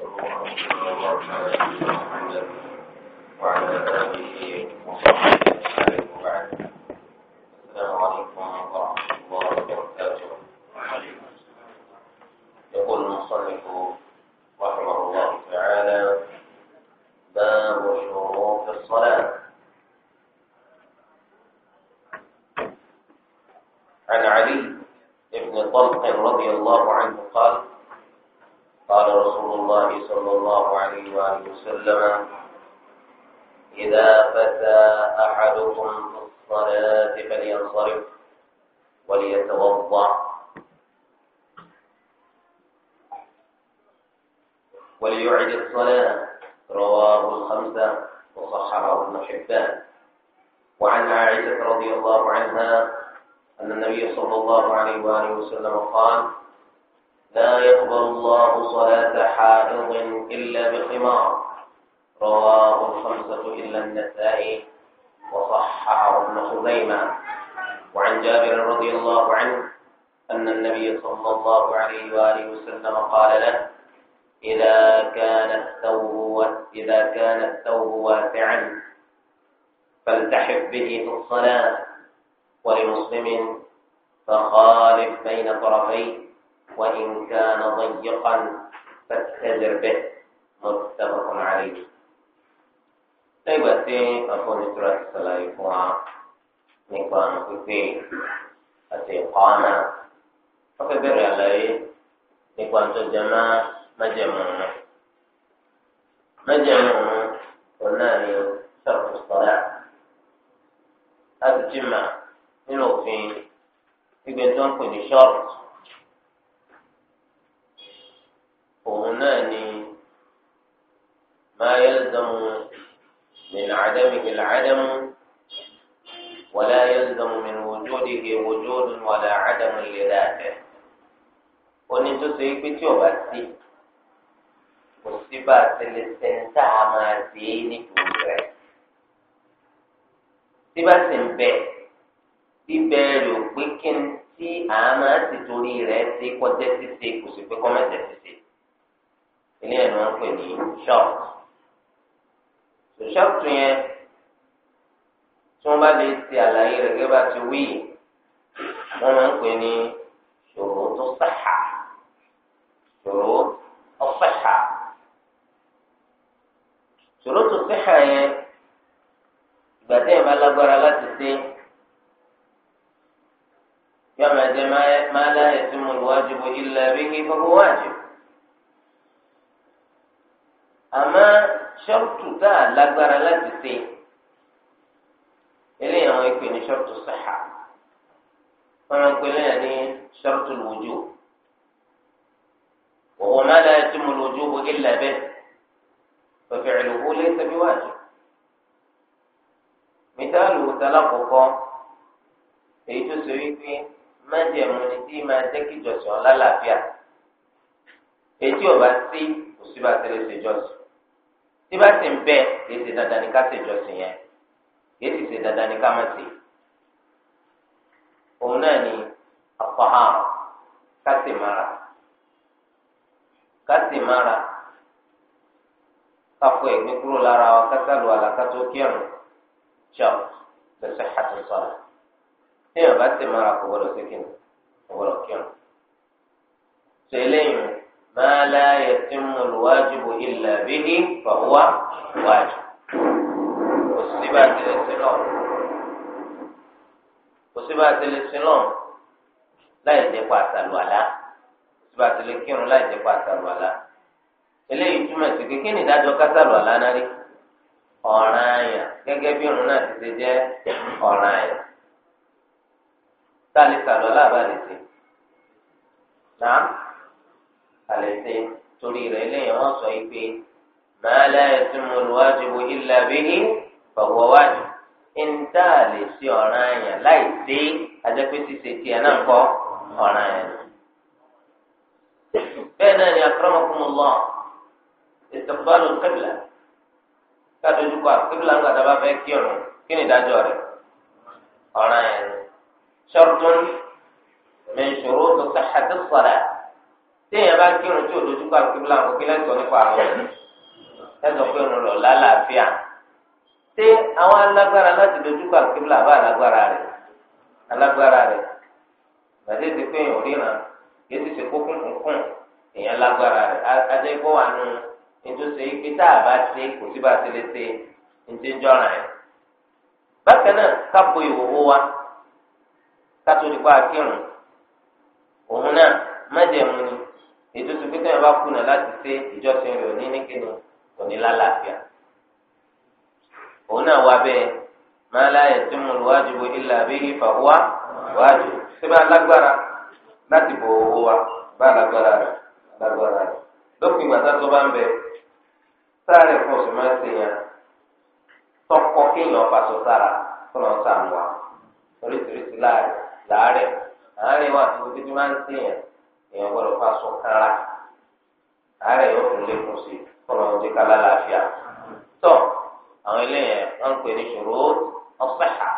وعلى آله وصحبه وبعد السلام عليكم ورحمة الله وبركاته يقول المصنف رحمه الله تعالى باب شروط الصلاة عن علي بن طلق رضي الله عنه عليه وآله وسلم إذا فتى أحدكم الصلاة فلينصرف وليتوضأ وليعد الصلاة رواه الخمسة وصححه ابن حبان وعن عائشة رضي الله عنها أن النبي صلى الله عليه وآله وسلم قال لا يقبل الله صلاة حائض إلا بخمار رواه الخمسة إلا النسائي وصححه ابن خزيمة وعن جابر رضي الله عنه أن النبي صلى الله عليه وآله وسلم قال له إذا كان الثوب إذا كان الثوب واسعا فالتحف به في الصلاة ولمسلم فخالف بين طرفيه وإن كان ضيقا فاتجر به متفق عليه طيب أتي أكون إترك صلى نكوان كفي أتي قانا فكبر عليه نكوان تجمع مجمعنا مجمعنا قلنا لي شرط الصلاة هذا جمع إلو في يبدون كل شرط náà ni máa yalzamu min adamihi al-adam wala yalzamu min wujudihi wujudun wala adamun li dhatihi oní tó so ikpe tí ọba sí kò sí bá a ti lè sẹ́ńtà máa dé nípò rẹ̀ tí bá sì ń bẹ bíbẹ rẹ̀ pé kí n tí àá máa ti torí rẹ̀ ṣe kọjá ṣíṣe kò sí pé kọ́mẹ́tẹ̀ ṣíṣe ilé ẹ̀ máa ń pè ní short so short yẹn tí wọ́n bá lè ṣe àlàyé rẹ̀ gẹ́gẹ́ bá ti wí wọ́n máa ń pè ní ṣòro tó sàhà ṣòro ọ̀sàhà ṣòro tó sàhà yẹn ìgbà tí ẹ̀ bá lágbára láti ṣe yọ̀ọ́ máa máa láyé tí mo lù ilẹ̀ bí kí gbogbo wájú àmọ́ ṣọ́ọ̀tù tá a lágbára láti ṣe eléyìí àwọn ìpè ní ṣọ́ọ̀tù sàhà wọn máa ń pè lẹ́yìn ní ṣọ́ọ̀tù lòójú òwò má dáa tí mo lòójú gbogbo lẹ́bẹ̀ òfin ìlúkú lé sẹ́bí wájú mìtáàlù tálákòókò èyí tó ṣe wípé májèmú ni tí máa jẹ́ kí ìjọsìn ọ̀la làbíà èyí sí kò sí tí bá sì ń bẹ kì í ṣe dandan ní ká ṣe ìjọsìn yẹn kì í sì ṣe dandan ní ká má ṣe òun náà ni àfahàn ká sì mára ká sì mára ká fọ ẹ̀gbin kúrò lára wa ká sálù àlàkátó kírun chop lẹsẹ àtúntọ́ra tí yàrá bá sì mára kò gbọdọ̀ sí kírun kò gbọdọ̀ kírun tó eléyìí. ما لا يتم الواجب إلا به فهو واجب وصفات الاسلام وصفات الاسلام لا يجب الولاء وصفات الكيرون لا يجب الولاء eléyìí túmọ̀ sí kékeré ní ìdájọ́ kásálù àlánárí ọ̀ràn àyàn gẹ́gẹ́ bí irun náà ti ṣe jẹ́ ọ̀ràn àyàn tá lè sàlọ́ láàbà lè ṣe náà àlẹsẹ torí rẹ̀ lẹ́yìn wọn sọ yìí pé màá láyé tí mo lù wájú wo ilà bíi fọwọ́ wájú ńdá lè ṣe ọ̀ràn àyàn láì dé ajẹ́pẹ́ ṣíṣe tiẹ̀ náà kọ́ ọ̀ràn àyàn. bẹ́ẹ̀ náà ni akramakumullah istiqbalu al-qibla káàdójúkọ al-qibla ńgbà tá a bá fẹ́ kí ọ̀run kí ni ìdájọ́ rẹ̀ ọ̀ràn àyàn. shartun min shurutu sihhati as-salat. téèyàn bá kírun tí òdojú pa kíbla àwọn nípa àwọn ẹ̀sọ̀ pé òun lọ lálàáfíà ṣé àwọn alágbára láti dojú pa kíbla bá alágbára rẹ̀ alágbára rẹ̀ gbàdé ti pé èèyàn ríran yéé ti ṣe èèyàn rẹ̀ kó wà nù nítòsí tá a bá ṣe kò sí bá a ṣe lè ṣe ní jọra ẹ̀. bákan náà kápò ìwòwò wa kátó nípa kírun òun náà ni. ètò tó pété yẹn bá kùnà láti ṣe ìjọsìn rẹ̀ òní nìkíni òní lálàáfíà òun náà wà bẹ́ẹ̀ máa láyè tí mo lù wájú bo ilà bí ìfà wá wájú ṣé bá lágbára láti bò owó wa bá lágbára rẹ̀ lágbára rẹ̀ lópin ìgbà tó bá ń bẹ sáré fún oṣù máa yẹn tọkọ kéèyàn faṣọ sára tó lọ sàmùwà oríṣiríṣi láàrẹ̀ láàrẹ̀ wà tó títí máa ń ṣe èèyàn gbọ́dọ̀ fà sọ kára àárẹ̀ yóò tún lékún sí kọlọ ọdẹ kálá láàfíà tọ àwọn eléyẹn wọn ń pè ní ṣòro ọsẹhà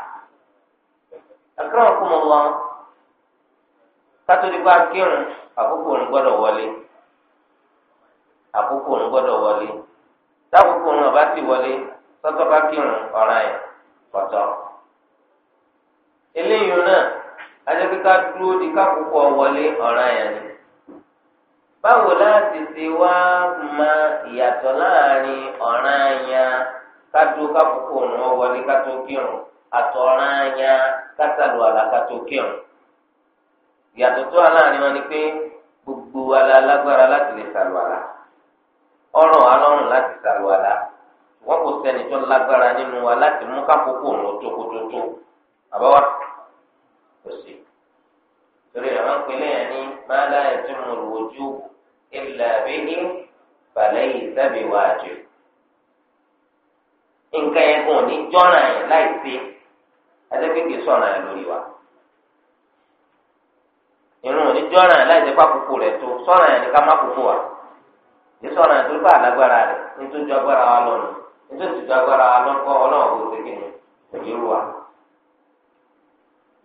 akérèwọn kún mọ wọn kátólíkù akérùn àkókò òun gbọ́dọ̀ wọlé àkókò òun gbọ́dọ̀ wọlé táàkókò òun ọba ti wọlé tọtọ bá kírun ọ̀ràn yẹn pọtọ eléyìí náà adébí ká dúró di kákòókò ọ̀wọ́lé ọ̀ràn yẹn ni. báwo láti ṣe wá mọ ìyàtọ̀ láàrin ọ̀ràn yẹn ká dúró kákòókò ọ̀ràn ọ̀wọ́lé ká tó kírun àtọ̀ràn yẹn ká sàlù àlà ká tó kírun. ìyàtọ̀ tó wà láàrin wọn ni pé gbogbo ala lágbára láti lè sàlù àlà ọ̀ràn alọ́run láti sàlù àlà wọn kò sẹ́ni tó lágbára nínú wa láti mú kákòókò ọ̀ràn tó kótótó àbáwá. òsì torí ẹ̀ máa ń ní máa láyé tí mo rò ojú ìlà bíi balẹ̀yìn sábẹ̀ wájú nǹkan yẹn kò ní jọ́nà yẹn láì sí adébíkì sọ̀nà yẹn lórí wa irun òní jọ́nà yẹn láì sí rẹ̀ tó sọ̀nà yẹn ní ká má wa ní sọ̀nà yẹn tó bá rẹ̀ nítorí agbára wa nítorí agbára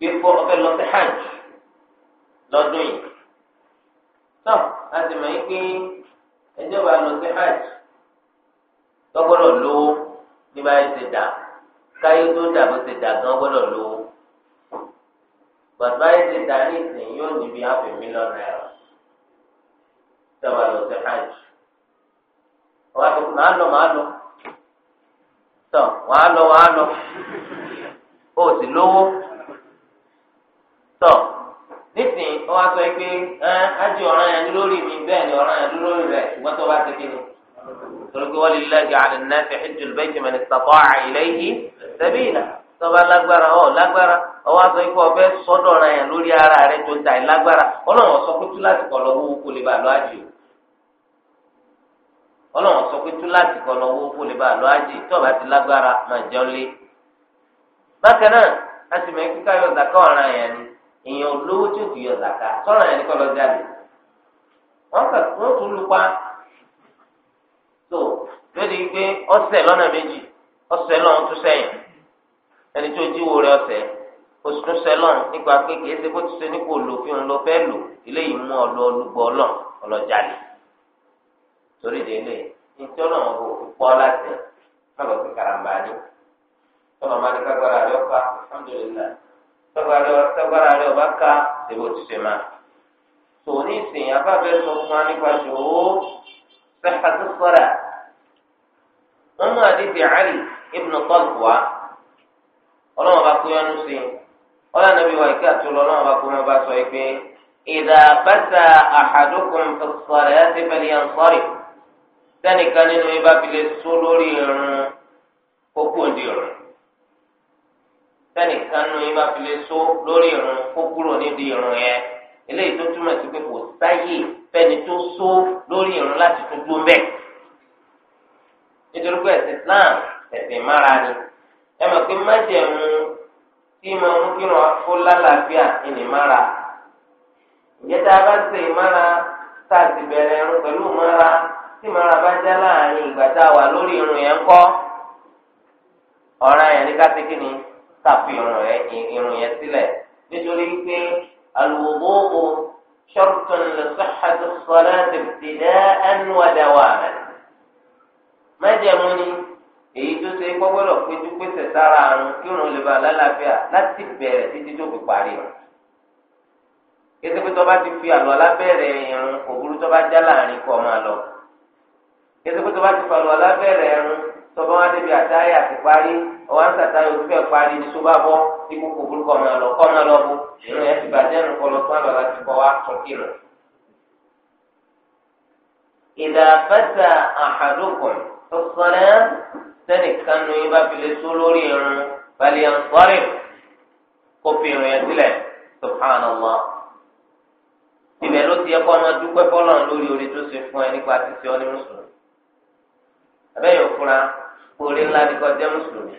gbẹ́kọ́ ọ̀fẹ́ lọ sí hajj lọ́dún yìí. tó a sì mọ̀ yín pé ẹjọ́ bá lọ sí hajj lọ́gbọ́dọ̀ lówó ní báyìí ti dà káyé tó dà bó ti dà gan gbọ́dọ̀ lówó. bàbá yìí ti dà ní ìsìn yóò níbi àfẹ́ mílíọ̀nù náírà tó lọ sí hajj. wọ́n á máa lọ máa lọ tó wàá lọ wàá lọ ó sì lówó. wọ́n wá sọ pé ájì ọ̀ràn yẹn lórí mi bẹ́ẹ̀ ni ọ̀ràn yẹn lórí rẹ̀ ṣùgbọ́n tó bá ti kí ni. torí wọ́n lè lẹ́jọ́ àlẹ́ náà fi hajj al-bayti man istata'a ilayhi sabila tọ́ba lágbára ọ̀ lágbára ọbẹ̀ sọ́dọ̀ ọ̀ràn yẹn lórí ara rẹ̀ tó ń ta ọlọ́run èèyàn olówó tí ò fi yọ zàká sọ̀rọ̀ yẹn ní kọ́ lọ jáde wọ́n kà wọ́n tún lu pa tó gbé lọ́nà méjì tún sẹ́yìn ẹni tó jíwó rẹ ọsẹ oṣù tún nípa lọ lò eléyìí mú ọlọ torí délé ntí kò tọgbàrà rẹ ọba ká ṣèbò tìṣe máa tò ní ìsìn abáfẹ sọ fún wa nípa ṣòwò sẹfàtú sọdà wọn mú àdébì àlì ibùnú kọlùkù wa ọlọ́wọ́n bá kó yánú sí i ọlọ́wọ́n nàbí wa ìkẹ́ àtúrọ̀ ọlọ́wọ́n bá kó má bá sọ pé ìdá bàtà àhàdókùn sọ̀rọ̀ ẹ̀ ti fẹ́lẹ́ yẹn sọ́rì sẹ́nìkan nínú ibà sọ lórí irun kókó òdì irun. sẹ́nìkan nu yín bá fi lè so lórí irun kó kúrò nídìí irun yẹn eléyìí tó túmọ̀ sí pé kò sáyè so lórí irun láti tún dúró mbẹ́ nítorí pé ẹ̀sìn Islam ẹ̀sìn ni ẹ mọ̀ pé májẹ̀mú tí mo mú kí kó lálàáfíà ìní mára ìjẹta bá ṣe ìmára tá a ti bẹ̀rẹ̀ irun pẹ̀lú ìmára tí màrà bá já láàrin ìgbà tá a wà lórí irun yẹn kọ́ tàfi irun yẹn sílẹ̀ nítorí pé alwudu shartun li sihhati as-salati ibtida'an wa dawaman májẹ̀mú ni èyí tó ṣe gbọ́gbọ́dọ̀ péjú pèsè sára àrùn kí òun lè ba lálàáfíà láti bẹ̀rẹ̀ títí tó fi parí rẹ̀. kété bá ti fi àlọ́ lábẹ́rẹ̀ irun òwúrú tó bá já láàrin kọ́ máa lọ. kété bá ti fi àlọ́ lábẹ́rẹ̀ irun tó bá wá débi àtàyè àti parí ọwọ́ ń tàtà yóò fẹ́ parí tó bá bọ́ tí kókò burúkọ máa lọ kọ́ máa lọ bó ìrìn ẹ̀ ti bàjẹ́ nù kọlọ tó àlọ́ láti kọ́ wa tún kí lọ. ìdàfẹ́sà àhàdókùn tó sọ́dẹ́ sẹ́nìkan nu bá fi tó lórí irun balẹ̀ ń sọ́rìn kó fi irun yẹn sílẹ̀ subhanallah. ibẹ̀ ló ti yẹ kó ọmọ dúpẹ́ fọlọ́ lórí orí tó ṣe fún ẹ nípa títí ọ ní mùsùlùmí. abẹ́yẹ̀ òfúra orí ńlá ni kọjá mùsùlùmí.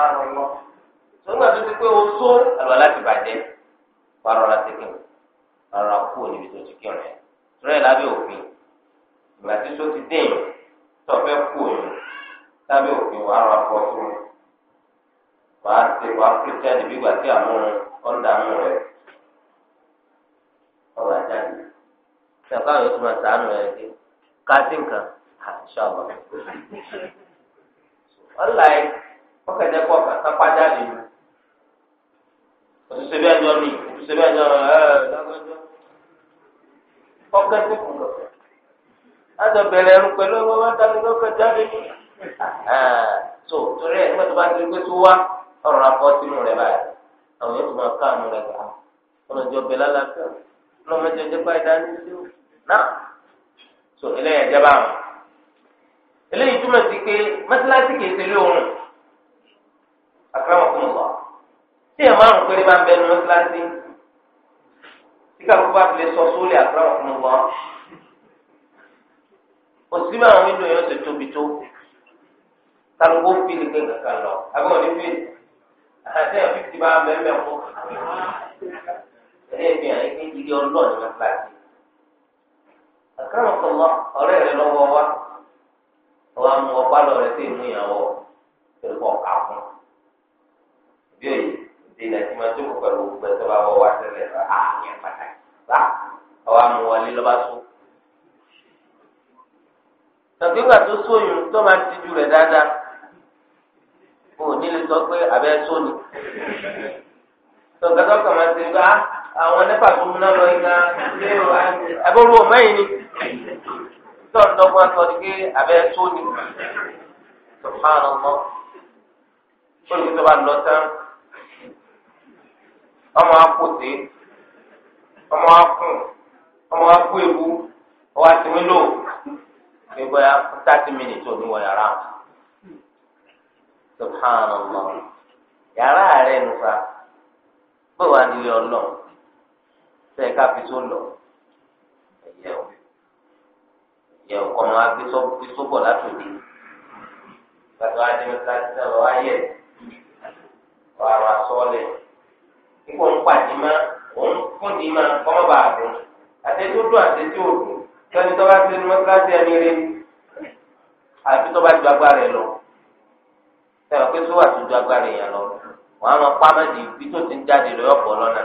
àrùn lọ sọgbà tó ti pé o tó àlọ́ láti bàjẹ́ parọ́ la ti kírun rárá kú níbi tó ti rẹ̀ lábẹ́ òfin ìgbà tí tó ti dín tó fẹ́ kú òyìn lábẹ́ òfin rọ wàá ti wàá tí àmúrun ṣàkóso àwọn ìtumọ̀ nǹkan ọ̀la ọkọ̀ ẹ̀jẹ̀ pọ̀ kà sápá jáde ni òṣìṣẹ́ bí ẹjọ́ mi òṣìṣẹ́ bí ẹjọ́ ẹ̀ẹ́dẹ́gbẹ́jọ́ ọkọ̀ ẹ̀jẹ̀ pọ̀ lọ. lájọ bẹ̀rẹ̀ ẹrù pẹ̀lú ọgbọ́n bá dáni lọ́kọ̀ jáde ni. tó torí ẹ̀ nígbà tó bá ti gbé tó wá ọ̀rọ̀ akọ sínú rẹ̀ báyìí àwọn yóò tún máa káàánú rẹ̀ gbà ọlọ́jọ́ bẹ̀ lálàáfíà ọlọ́mọdé ọjọ́ bá ìdání sí ó náà tó eléyàjẹ́ bá eléyìí túmọ̀ sí pé mọ́tíláṣí kìí ṣe lóorùn akérèmọkùn lọ tí èèyàn márùn péré bá ń bẹ nínú kíláàsì tí kálukú fi lè sọ sóòlì òsì bá àwọn yóò ṣe tóbi tó fi lè gbé lọ ní fi bá àyè kíláàsì ọ̀rẹ́ rẹ lọ́wọ́ wa wọ́n á mú lọ rẹ sí yóò yìí ma jókòó pẹ̀lú gbogbo ẹ̀sọ́ bá wọ wá tẹ́lẹ̀ rẹ̀ á yẹn pàtàkì bá ọwọ́ mu wọlé lọ́ba tó. tàbí ìgbà tó sóyún tó máa ti ju rẹ̀ dáadáa kò ní lè sọ pé abẹ́ sóni. tọ̀gàtọ̀ kàn máa ti gbá àwọn nípa tó múná lọ iná lé o àbúrò mẹ́yìn ni tọ́ndọ́gbọ́n sọ ah. ah, ni pé ọmọ akute ọmọ akun ọmọ akú ewu ọwọ́ atimi ya thirty minutes ò yara wọ yàrá subhanallah yàrá rẹ nufa bó wà nílé ọlọ sẹ ká fi tó lọ ẹyẹ o ẹyẹ o kọ́ máa gbé sóbọ̀ gbàtọ́ adé ti sẹ́wọ̀ wáyé kíkó ń pàdé ma òun fúnni ma kọ́mọ́ bàa dùn àtẹ̀tí ó dùn àtẹ̀tí ó dùn kẹ́ni tó ti ní mọ́tíláṣí ẹni rí àti tó ju agbára ẹ lọ ẹ̀rọ pé tó wà tó ju agbára yẹn lọ wọ́n á máa ibi tó ti ń jáde lọ́yọ̀ pọ̀ lọ́nà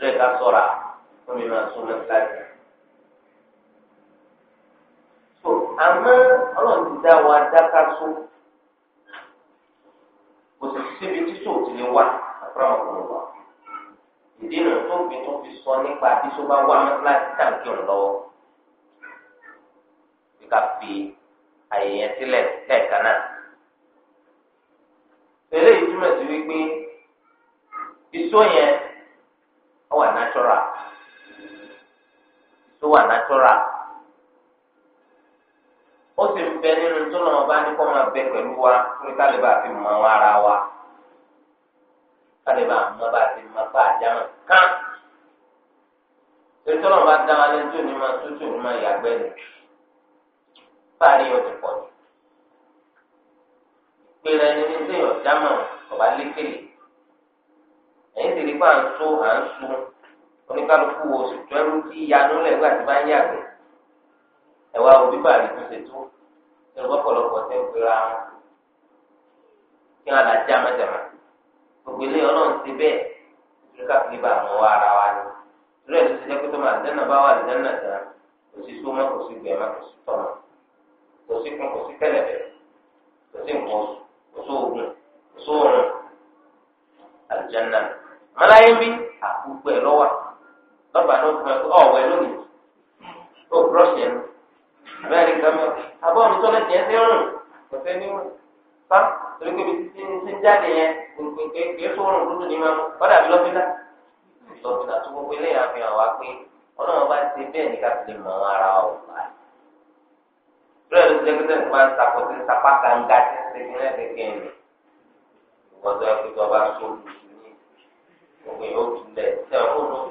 rẹ̀ ká sọ̀ra fún mi máa sún mọ́tíláṣí. àmọ́ ọlọ́run ti dá kò sì síbi títò tí lè wà àkúrọ̀mọ̀kùnrin wà. ìdí nù tó gbin tó fi sọ nípa tí tó bá wà láti tàǹkì ọ̀n lọ́wọ́ fi àyè yẹn náà. sí wípé yẹn wà ó sì ń bẹ nínú tó náà bá ní kó máa bẹ pẹ̀lú wa kálíbà fi mọ ara wa kálíbà mọ bá ti mọ bá àjámọ̀ kán ètò náà bá dá wa lẹ́nu tó ní ma tútù ní ma yàgbẹ́ ni parí ọ̀dùn pọ̀ ẹni ní sèyàn lékele à ń so à ń sun oníkálukú wo sì ẹ̀wà òbíbà rẹ̀ ti ṣètò ẹ̀rọ ọ̀pọ̀lọpọ̀ tẹ́ ń pera kí wọn àdájá mẹ́tẹ̀mẹ́ gbogbo ilé ọlọ́run ti bẹ́ẹ̀ nítorí káfíńì bá àwọn ọwọ́ ara wa ni ìrẹ́ ló ti jẹ́ pé tó máa dẹ́nà bá wà lẹ́nà tán kò sí sómọ́ kò sí gbẹ̀mọ́ kò sí tọ̀mọ́ kò sí kún kò sí tẹ́lẹ̀bẹ̀ kò sí nǹkan kò sí oògùn kò sí oòrùn àlùjáná mọ́láyé ń bí àkúgbẹ́ lọ́wà lọ́ba náà fún ẹ lónìí ó búrọ́ọ̀ṣì ẹnu bẹ́ẹ̀ ni kàmí abọ́ mi tọ́lẹ̀ tiẹ̀ ti rùn kò sẹ́ ní sá torí pé ibi títí ti ń jáde yẹn gbogbo kìí tó rùn dúdú ní mẹ́mu kọ́dà bí lọ́fíńdà lọ́fíńdà tó gbogbo eléyà fi hàn wá pé ọlọ́run bá ti bẹ́ẹ̀ ní ká ti lè mọ ara ọ̀ bẹ́ẹ̀ ló ti lẹ́gbẹ́sẹ̀ tó bá ń sakọ sí sapá kanga tí ń segin náà gẹ́gẹ́ ni ìgbọ́dọ̀ ẹ̀kú tó bá tó ní gbogbo yóò tilẹ̀ tẹ̀ ọ́ lọ́wọ́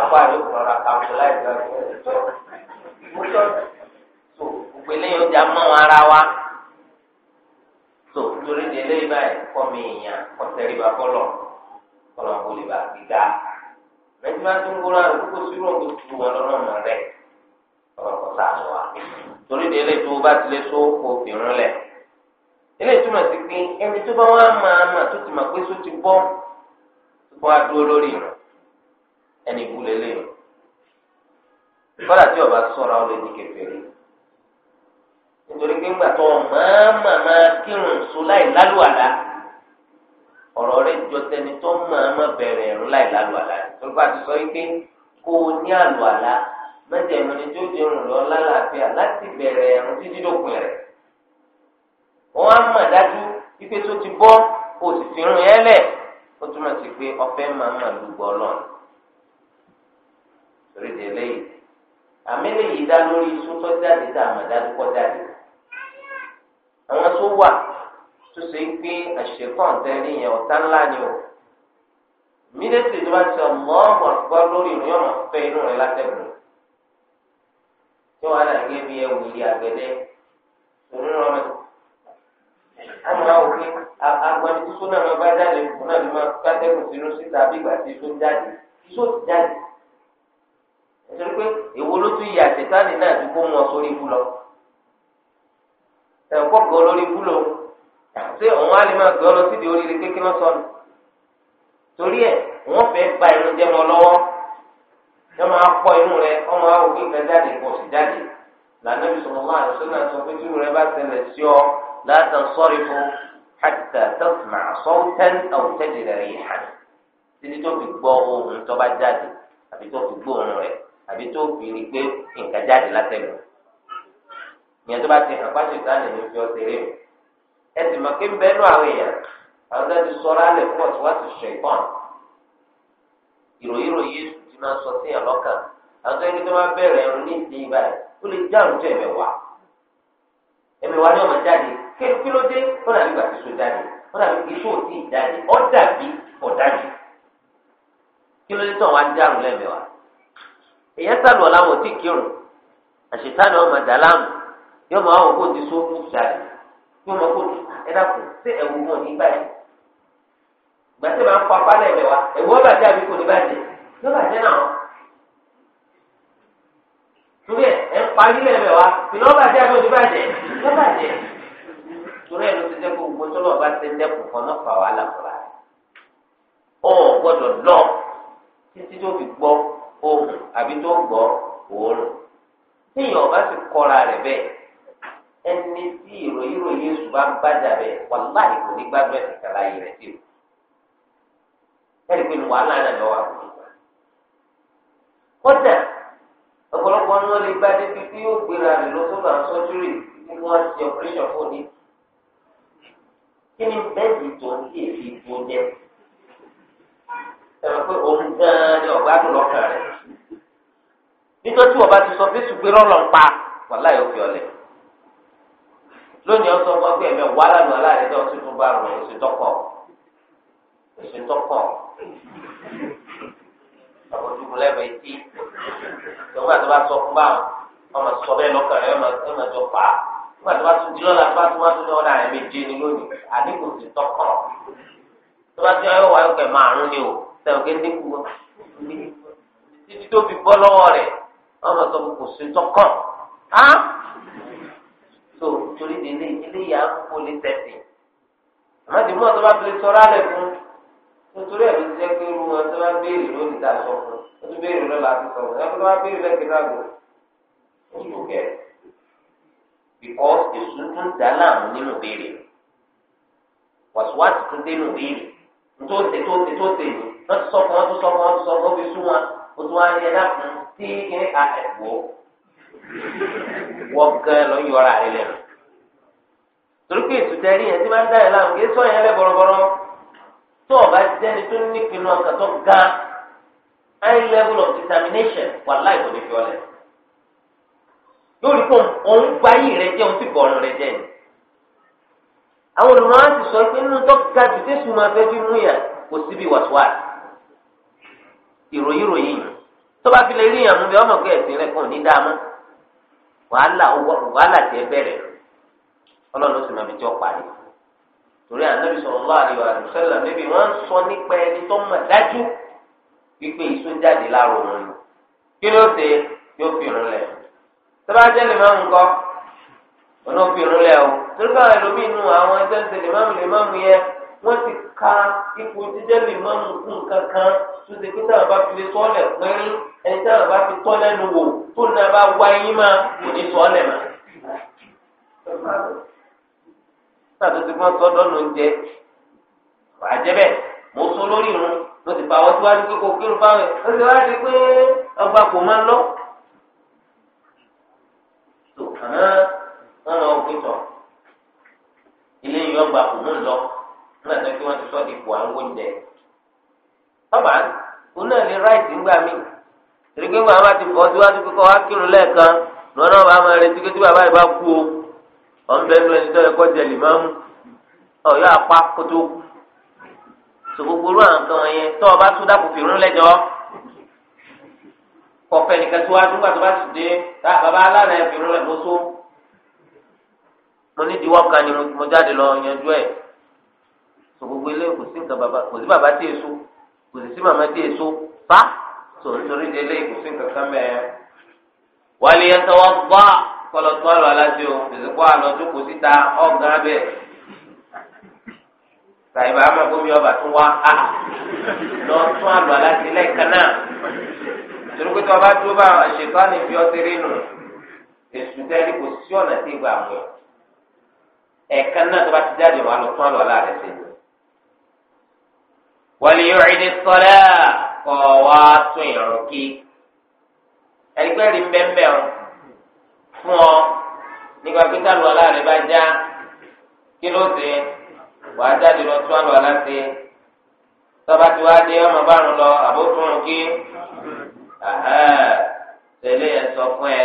apá yóò kọ́ra kàmú láì so gbogbo eléyìí ọjà mọ ara wa so di eléyìí báyìí kọ́ mi èèyàn ọ̀sẹ̀ ìbá bọ́lọ̀ kọ́lọ̀ kó lè bá gbóná sí ìrọ̀ wọn lọ́nà ọ̀nà di eléyìí tó bá tilẹ̀ tó kó fìrún lẹ̀ eléyìí túmọ̀ sí pé ẹni tó bá wà tó kọ́lá tí ọba sọ̀rọ̀ àwọn èdè kẹfẹ́rẹ́ nítorí pé ńgbà tó màmá máa kírun sùn láì lálùwàlá ọ̀rọ̀ rẹ̀ jọ tẹni tó màmá bẹ̀rẹ̀ ẹ̀rù láì lálùwàlá torí bá ti sọ pé kó ní àlùwàlá mẹ́tẹ̀ẹ̀mú ni tó di irun lọ lálàáfíà láti bẹ̀rẹ̀ ẹ̀rù títí dópin rẹ̀ wọ́n á ti bọ́ sì fi ó túmọ̀ àmì lè yí dá lórí sótọ́ jáde tá àmọ̀ dájú kọ́ jáde àwọn tó wà tó ṣe ń pín àṣekọ̀ǹ tẹ́lẹ̀ yẹn ọ̀tá ńlá ni o mídẹ́tì tó bá ti ọmọọmọ gbọ́ lórí ìrìn ọmọ fẹ́ inú rẹ látẹ̀gùn tí wọ́n á nà gé bí ẹwù ìrì àgbẹ̀dẹ́ òun rọ mi àmọ́ àwọn òkè agbọ̀nìkú náà máa bá jáde òun náà ló máa bá sínú síta bí ìgbà tí tó jáde tó jáde nítorí pé èwo ló tún yà sẹ̀tánì náà ju kó mú ọ sórí ikú lọ ẹ̀kọ́ kan lórí ikú lọ ṣé òun á lè máa gbé ọ lọ síbi oríire kékeré lọ sọnù torí ẹ̀ wọ́n fẹ́ gba ìlú jẹ́ mọ́ lọ́wọ́ ẹ máa kọ́ inú rẹ ọmọ òkè kan jáde kò sì jáde lànà ìṣòwò àti sọ́nà sọ pé tìrú rẹ bá tẹ̀lẹ̀ sí ọ látàn sọ́rí fún hàtà tẹ̀sán àsọ̀tẹ́n àwùjẹ́dẹ̀rẹ̀ yìí hàn títí tó fi gbọ́ ohun tó bá jáde àbí tó fi gbọ́ rẹ̀ àbí tó fi rí pé nǹkan jáde látẹ̀lẹ̀ ìyẹn tó bá ti hàn pàṣẹ ìtàlẹ̀ ní fi ọ̀sẹ̀ rẹ̀ ẹ sì mọ̀ kí ń bẹ́ẹ̀ nú àwọn èèyàn àwọn tó ti sọ̀rọ̀ alẹ̀ fún ọ̀tún wá ti sọ ìkàn ìròyìn ròyìn èsù ti máa sọ sí ẹ̀lọ́kàn àwọn tó yẹ kí wọ́n bẹ̀rẹ̀ ẹ̀rù ní ìsìn ìgbà rẹ̀ ó lè já àrùn tó ẹ̀mẹ̀wá ẹ̀mẹ̀wá ni ọmọ jáde kí ló dé ó dàbí ìgbà tí jáde ó dàbí iṣu òtí ìjáde ó dàbí ọ̀dájú kí ló dé tó àwọn ajá èyàn sálù ọ̀la wọn tí kírun àṣetánì ọmọ dàlámù yóò máa wọ kó ti so kú sáré yóò máa kó tu ẹ̀dá kù sí ẹ̀wù wọn ní báyìí gbàtí máa ń kọ apá wa ọba ní yóò bàjẹ́ náà torí wa ọba ní bàjẹ́ bàjẹ́ torí ló ti gbogbo ti dẹ́kun kan ohun àbí tó gbọ́ òórùn téèyàn ọba ti kọra rẹ̀ bẹ́ẹ̀ ẹni tí ìròyìn ròyìn èṣù bá ń gbájà bẹ́ẹ̀ wàláhì kò ní rẹ̀ sí o ẹ̀rí pé wàhálà náà lọ wà fún ìgbà kódà ọ̀pọ̀lọpọ̀ lè gbá débi tí yóò gbéra rẹ̀ lọ sọ́dọ̀ àwọn sọ́júrì ẹ̀rọ pé òun gan-an ni ọ̀gá dùn lọ́kàn rẹ̀ nítorí tí ọba ti sọ fésù pé rọ́ọ̀lọ́ ń pa wàhálà yóò fi ọlẹ̀ lónìí ọ̀sán ọmọ ẹgbẹ́ mi wà lánàá aláàrẹ náà tuntun bá rọ̀ èsì tọkọ̀ èsì tọkọ̀ àbójúkun lẹ́bẹ̀ẹ́ etí ìgbà tó bá sọ fún bá ọmọ sọ bẹ́ẹ̀ lọ́kàn rẹ̀ ọmọ jọ pa nígbà tó bá tún di lọ́la tó bá tún wá tún lọ́wọ́ náà ẹ̀mí jẹ́ ni lónìí àdínkù ti tọkọ̀ tó bá tún ayọ̀ wáyọ̀ kẹ̀ márùn-ún ni o. sẹ́wọ̀n kí ní títí tó fi bọ́ lọ́wọ́ rẹ̀ ọmọ tó sí á tó torí délé iléyà tẹ̀sí bá lè fún nítorí ti jẹ́ pé irú wọn tó bá béèrè lónìí dà sọ fún béèrè tó bá béèrè náà lò ó kẹ́ èso tún dá láàmú nínú béèrè tún dé nù wọ́n ti sọ fún wọn tó sọ fún wọn tó sọ ẹ̀dá fún tí a wọ́n gan lọ yọra rẹ lẹ́nu. torí pé ètùtẹ̀ rí yẹn tí máa ń dá yẹn láàmú kí sọ yẹn lẹ́ bọ̀rọ̀bọ̀rọ̀ tó jẹ́ni tó ní ọkàn tó ga high level of determination wà láì tó ní fi ọlẹ̀. yóò rí pé òun gba yìí rẹ jẹ́ òun sì bọ̀ ọ̀run rẹ jẹ́ ni. àwọn sọ pé nínú tó ga jù tẹ́sùn máa fẹ́ fi mú kò síbi wàsíwàsí. ìròyìn ròyìn tó bá fi lè rí ìyàmú bí ọmọ kẹ ẹsìn rẹ kàn ní dáa mọ wàhálà wàhálà tiẹ bẹ̀rẹ̀ Ọlọ́run sì máa fi jọ parí torí ànábì sallallahu alaihi wasallam níbi wọn sọ nípa ẹni tó mọ dájú wípé ìsó jáde láàrọ wọn ni kí ló ṣe yóò fi irun lẹ̀ tó bá jẹ lèmọọmù kọ wọn ò fi irun lẹ̀ o torí báwọn ẹlòmíín nù àwọn ẹgbẹ́ ń ṣe lèmọọmù lèmọọmù yẹn wọ́n ti ka ipò jíjẹ́ lè má mú kún kankan tó ti pé táwọn bá fi lè sọ́ọ̀lẹ̀ pín ẹni táwọn bá fi tọ́ lẹ́nu wò tó ní a bá wá yín má kò ní sọ́ọ̀lẹ̀ má. Sàtò ti fún sọ́dọ̀ ló ń jẹ wàá jẹ bẹ́ẹ̀ mo sún lórí irun ló ti pàwọ́ síwájú pé kò kírun fáwọn ẹ̀ ó ti wá di pé ọgbà kò máa lọ. Tò àná wọn lọ gbé tọ̀ ilé yìí ọgbà kò mú lọ náà tó kí wọ́n ti sọ ipò àwọn oúnjẹ. bàbá òun náà lè ráìtì ńgbà mí torí pé bàbá ti kọ́ síwájú kíkọ́ wá kírun lẹ́ẹ̀kan lọ́nà bàbá máa retí pé tí bàbá yìí bá kú o ọ̀n bẹ́ẹ̀ ló ẹni tó yẹ kọ́ jẹ lìmáàmù ọ̀yọ́ apá kótó tó gbogbo orú àwọn kan yẹn tó o bá tún dáàbò fìrún lẹ́jọ́ kọfẹ nìkan tó wá dúgbà tó bá ti dé tá ah, bàbá alára ẹ fìrún lẹ́ mo tó mo ní diwọ́ kan ni mo jáde lọ yanjú ẹ̀ so gbogbo eléyìí kò sí nǹkan bàbá kò sí bàbá tí èso kò sì sí màmá tí èso fa so nítorí eléyìí kò sí nǹkan kan mẹ́ẹ̀. wàlẹ̀ yẹn tọwọ́ gbọ́ kọlọ tó àlọ́ aláṣẹ o èsì kó àlọ́ tó kò síta ọ̀gá bẹ̀ tàyíbà àmọ́ gómìnà ọba tó wá a lọ tún àlọ́ aláṣẹ lẹ́ẹ̀kan náà torí pé tí wọ́n bá dúró bá ṣètò àníbi ọtí rí èsù tẹ́lẹ̀ kò sí ọ̀nà tí ì ẹ̀ẹ̀kan náà tó bá ti jáde wà lọ tún àlọ́ aláṣẹ wọ́n yóò rí ní sọ́lá kọ́ wá tún ìrùn kí. ẹni pé rí mbẹ́mbẹ́ o fún ọ nígbà pé tá àlùwàlá rẹ bá já kí ló ṣe wàá jáde lọ tún àlùwàlá ṣe tọ́ba tí wàá dé ọmọ bárùn lọ àbótún kí tẹ̀lé ẹ̀ sọ fún ẹ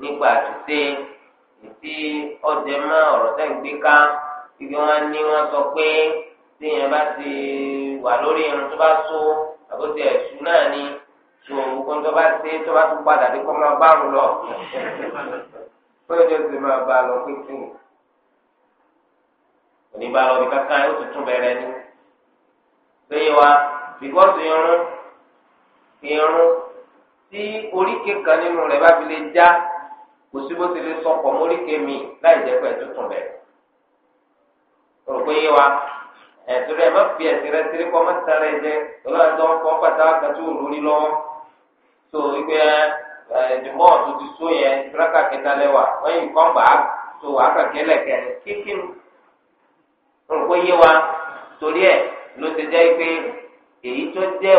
nípa àtúnṣe ìtí ọ̀dẹ̀ mọ́ ọ̀rọ̀ tẹ̀ ká ibi wọn ní wọn sọ pé tí yẹn bá ti wà lórí irun tó bá so àbótí ẹ̀sùn náà ni tó gbogbo tó bá ti tó bá ti padà dé kó máa bá rùn lọ. pé ojú ti máa bá lọ pé kí ni oníbàárà ọbẹ̀ kankan yóò tuntun bẹ̀rẹ̀ ni. lẹ́yìn wa bíkọ́sì irun irun tí oríkè kan nínú rẹ̀ bá fi lè já kò sí bó ti lè sọkọ̀ móríkè mi láì jẹ́ pẹ̀ tuntun bẹ̀rẹ̀. rò pé yé wa. ẹ̀sùn rẹ̀ má fi ẹ̀sìn rẹ̀ sírí kọ́ má sáré jẹ ọlọ́run kọ́ pàtà kàtó òrùlé lọ́wọ́ tó wípé ẹ̀dùnmọ́ tó ti sún yẹn ìfúrákà kẹta lẹ́wà wọ́n yìí kọ́ gbà tó wàá kàkẹ́ lẹ̀kẹ́ kíkín nǹkó yé wa torí ẹ̀ ló ti jẹ́ pé èyí tó ni.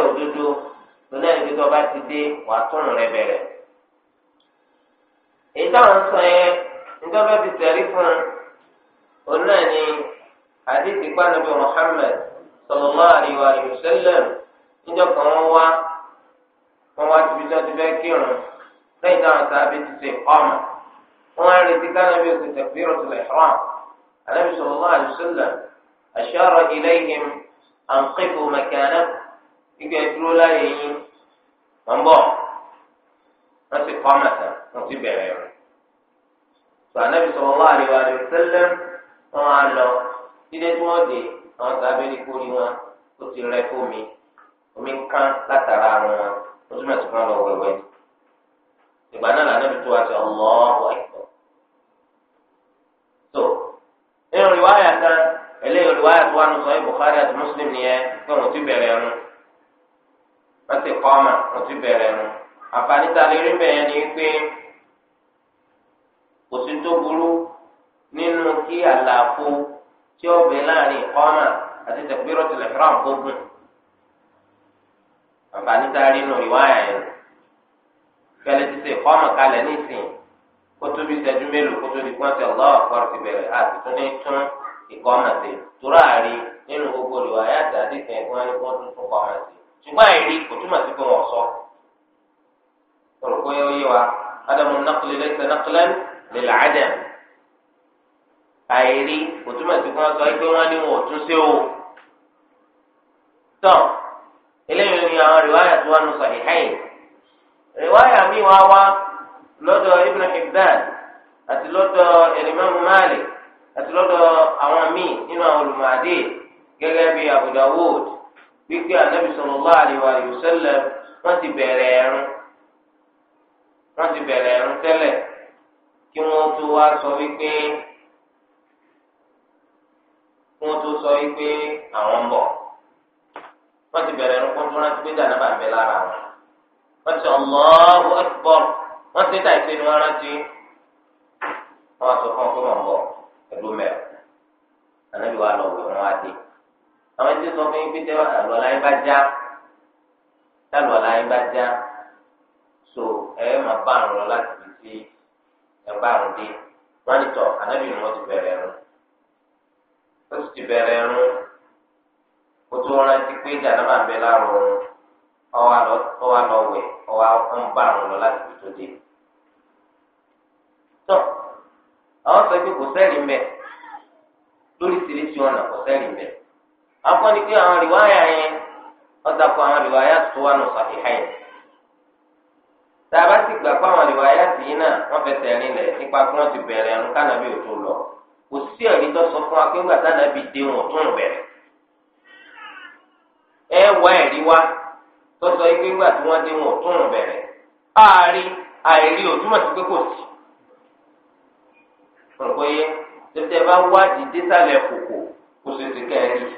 àdéhìí pàdánù Muhammad sallallahu alaihi wa sallam níjọ́ kan wọ́n wá wọ́n wá síbi tí wọ́n ti fẹ́ kírun lẹ́yìn táwọn sábẹ́ ti ṣe ọmọ wọ́n á retí kánábì òkè takbiratul ihram ànábì sallallahu alaihi wa sallam ashara ilayhim an qifu makanakum gbígbẹ́ dúró láyé yín wọ́n bọ̀ wọ́n ti kọ́ màtà wọ́n ti bẹ̀rẹ̀ rẹ̀ sọ ànábì sallallahu alaihi wa sallam wọ́n á lọ dídé tí wọ́n dé àwọn sábẹ́ ní kórìí wọn ó ti rẹ fómi omi ń kán látara àrùn wọn ó túmọ̀ sí fún ọ lọ wẹ̀wẹ̀ ìgbà náà lànà mi tó wá sí ọlọ́ọ̀bù àìsàn. tó nínú rìwáyà kan eléyìí rìwáyà tó wà nù sọ Bukhari àti Muslim nìyẹn pé wọn ti bẹ̀rẹ̀ ẹnu wọn ti kọ́ ọmọ wọn ti bẹ̀rẹ̀ ẹnu àǹfààní ta lè rí bẹ́ẹ̀ ni pé kò sí tó burú nínú kí àlàfo. tí ó bẹ láàrin ìkọ́mà àti takbiratul ihram kó gùn. àǹfààní a rí nù ìwáyà yẹn fẹ́lẹ́ ti ṣe ìkọ́mà kalẹ̀ nísìn kó tóbi ìṣẹ́jú mélòó kó tóbi pọ́ńtì Allahu akbar ti bẹ̀rẹ̀ àti tún ní tún ìkọ́mà tóra àrí nínú gbogbo àti ìkọ́mà ṣùgbọ́n àìrí kò túmọ̀ àìrí òtúmọ̀ sí kí wọ́n sọ pé wọ́n ní wọn ò tún sí o. tán eléyìí ni àwọn rìwáyà tó wà nù Sahihayn rìwáyà mi wá wá lọ́dọ̀ Ibn Hibban àti lọ́dọ̀ Imam Malik àti lọ́dọ̀ àwọn míì nínú àwọn olùmọ̀adé gẹ́gẹ́ bí Abu Dawud wípé anabi sallallahu alaihi wa sallam wọ́n ti bẹ̀rẹ̀ ẹ̀rùn wọ́n ti bẹ̀rẹ̀ ẹ̀rùn tẹ́lẹ̀ kí wọ́n tó wá sọ wípé kó tó sọ yìí pé àwọn ń bọ̀ wọ́n ti bẹ̀rẹ̀ ẹnu kótó rántí pé dáná bá ń bẹ lára wọn wọ́n ti Allahu Akbar wọ́n ti ta ìpinnu wọn rántí wọ́n sọ fún ọ pé wọ́n ń bọ̀ ẹ̀dùn mẹ́rin ànábì wa lọ wẹ̀ wọ́n á dé àwọn ẹni sọ fún yín pé láyé bá já tálọ̀ láyé bá já so ẹ máa bá àrùn lọ láti fi ẹ bá àrùn dé wọ́n á ní tọ̀ ni wọ́n ti bẹ̀rẹ̀ ẹ̀rùn ìbẹ̀rẹ̀ ẹ̀rún ó tún rántí pé ìdáná bẹ láàrọ̀ ọ̀run ọwọ́ lọ wẹ̀ ọwọ́ ń bá àrùn lọ láti fi tó dé. tọ́ àwọn sọ pé kò sẹ́rìí mẹ́ lóríṣiríṣi ọ̀nà kò sẹ́rìí mẹ́. akọ́ ni pé àwọn rìwáyà yẹn ọ̀dàpọ̀ àwọn rìwáyà tó wà nù sàfihàn yẹn tàbá ti gbà pé àwọn àlèwà ayé àti náà wọn fẹsẹ̀ rìn lẹ̀ nípa kí wọ́n ti bẹ̀rẹ̀ ẹnu kánàbí ò kò sí ẹ̀rí tó sọ fún wa pé ńgbà tá nàbí dé wọn tó ń bẹ̀rẹ̀ ẹ wá ẹ̀rí wá tó sọ pé ńgbà tí wọ́n dé wọn tó ń bẹ̀rẹ̀ ààrí àìrí òtúmọ̀ sí pé kò sí. ọ̀pọ̀ yẹ tẹ́tẹ́ bá wádìí désàlẹ̀ kòkò kò sì ti kẹ́rin.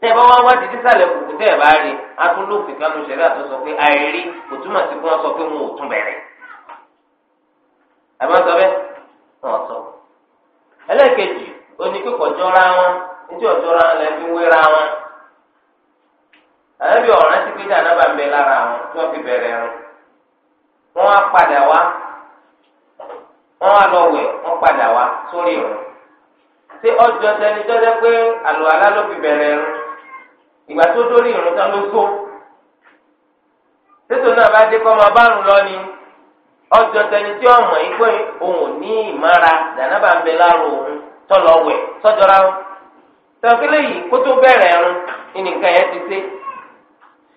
tẹ́ bá wá wádìí désàlẹ̀ kòkò tẹ́ ẹ bá rí atúndófin kanu ṣẹlẹ̀ àtúnṣe pé àìrí òtúmọ̀ sí pé wọ́n sọ pé wọn ò tún bẹ̀rẹ̀. àbí sọ ẹlẹ́ẹ̀kejì oníkókò jọra wọn etí ọjọra wọn lẹ́ẹ̀fi wéra wọn àlẹ́bí ọ̀ràn ti gbéjà náà bá ń bẹ lára wọn tí wọ́n fi bẹ̀rẹ̀ rún wọ́n á padà wá wọ́n á lọ wẹ̀ wọ́n padà wá sórí rún ṣé ọjọ́ tẹni pé ló fi ọjọ́ tẹni tí ọmọ yìí pé òun ní ìmára dànàbà ń bẹ láàrú òun tọlọ wẹ sọjọra ó tẹnifí léyìí kó tó bẹ̀rẹ̀ ẹrun ìnìkan yẹn ti ṣe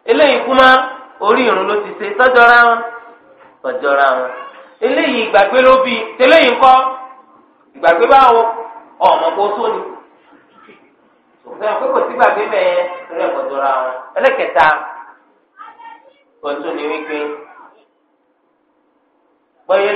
eléyìí irun ló ti ṣe ó ó eléyìí ìgbàgbé ló bí tẹléyìí ìgbàgbé báwo ọmọ kó ni kò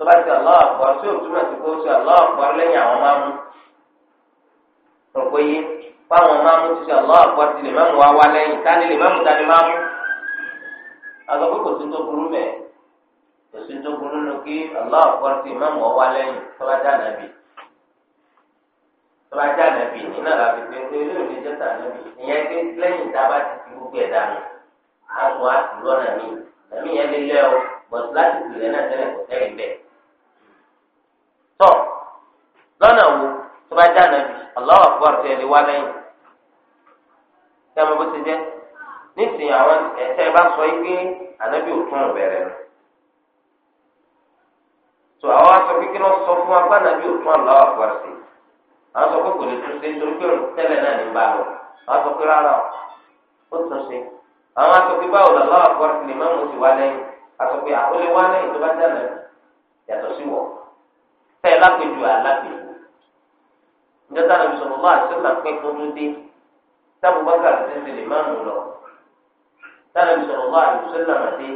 tọ́ba ti aláwọ̀ àpọ̀ tí o túmọ̀ sí kó o ti aláwọ̀ àpọ̀ lẹ́yìn àwọn máa mú rò pé yé fáwọn máa mú ti ṣe aláwọ̀ àpọ̀ ti lè máàmù wá wá lẹ́yìn tani lè máàmù tani máa mú àgbà pé kò sí tó burú mẹ́ kò sí tó burú nu kí aláwọ̀ àpọ̀ ti máàmù wá lẹ́yìn tọ́ba já nàbì tọ́ba já nàbì nínú àlàbí pé pé ilé ìwé jẹ́ta nàbì ìyẹn pé lẹ́yìn tá a bá ti fi gbogbo ẹ̀ dànù á tún á sì lọ́nà mí nàmí yẹn lé lẹ́ o bọ̀t láti pè lẹ́nà tẹ́lẹ̀ kò tẹ́lẹ̀ bẹ́ẹ̀. tọ̀ lọ́nà wo tó bá dáná wá lẹ́yìn bó ti jẹ́ nísìnyí àwọn ẹ̀tẹ́ bá sọ yìí ànábì ò bẹ̀rẹ̀ nù tó àwọn aṣọ kékeré wọn sọ fún apá ànábì ò tún Allahu Akbar àwọn sọ pé kò lè tún ṣe torí pé tẹ́lẹ̀ náà ní bá lọ àwọn sọ pé rárá ó tún ṣe àwọn aṣọ pé báwo lọ́wọ́ ti wá fẹ́ lápẹjù alápẹjù ìjọba ní sọ̀rọ̀ máa ṣe máa pẹ́ kótó dé táwọn bákà ti ń sèlè máa ń lọ táwọn ìsọ̀rọ̀ máa ṣe sọ̀rọ̀ máa dé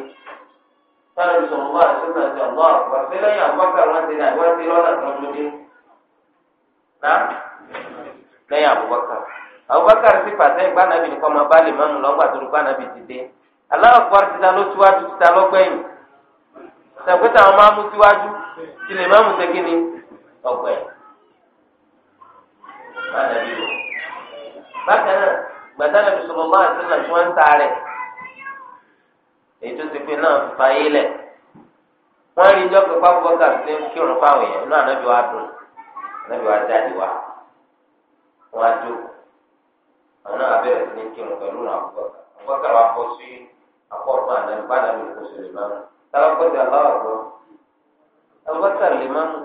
táwọn ìsọ̀rọ̀ máa ṣe máa ṣe ọ̀gbọ́n àpò àti lẹ́yìn àbúkà wọn ti ní àgbà ti lọ́nà tó ń dúdé ná lẹ́yìn àbúkà ti pàṣẹ ìgbà nìkan máa bá lè máa ń lọ gbàtúrú gbà ti dé aláwọ̀ kọ́ ti ta ló tíwájú ti ta lọ́gbẹ̀yìn. sẹ̀kútà àwọn máa mú síwájú tí lè má mú segin ní ọ̀gbẹ́. bákan náà gbàdánù bisọ̀rọ̀ máa ti nà tí wọ́n ń ta rẹ̀ èyí tó ti náà fa yé lẹ̀ wọ́n rí ijọ́ pé pápá bọ́kà ti ń fáwọn èèyàn náà ànábì wa dùn wa jáde wa wọ́n á jó àwọn náà abẹ́rẹ́ sí ní pẹ̀lú àwọn tọ́lọ́kọ́tì aláwọ̀ abubakar limamu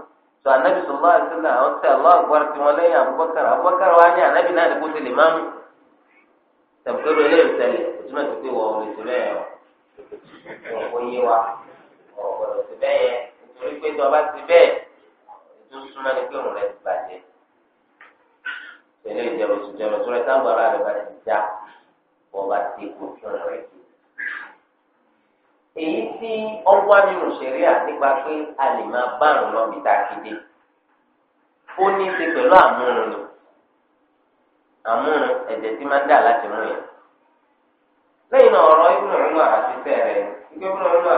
anabi wa ní anabi náà ní kó ti limamu tẹ̀pẹ́rẹ́ eléyìí tẹ̀lé ìtumọ̀ tó pé wọ́n lè tẹ̀lé ẹ̀ wọ́n kò yé wa wọ́n gbọ́dọ̀ ti bẹ́ẹ̀ yẹ nítorí pé tí wọ́n bá ti èyí tí ọwọ́ nínú ṣẹ̀ríà pé a lè máa bárùn lọ bí takide ó ní í ṣe pẹ̀lú àmúrun ni àmúrun ẹ̀jẹ̀ tí máa ń dà láti mú yẹn lẹ́yìn náà ọ̀rọ̀ ibùdó ìlú àti fẹ́rẹ̀ ìgbé ìlú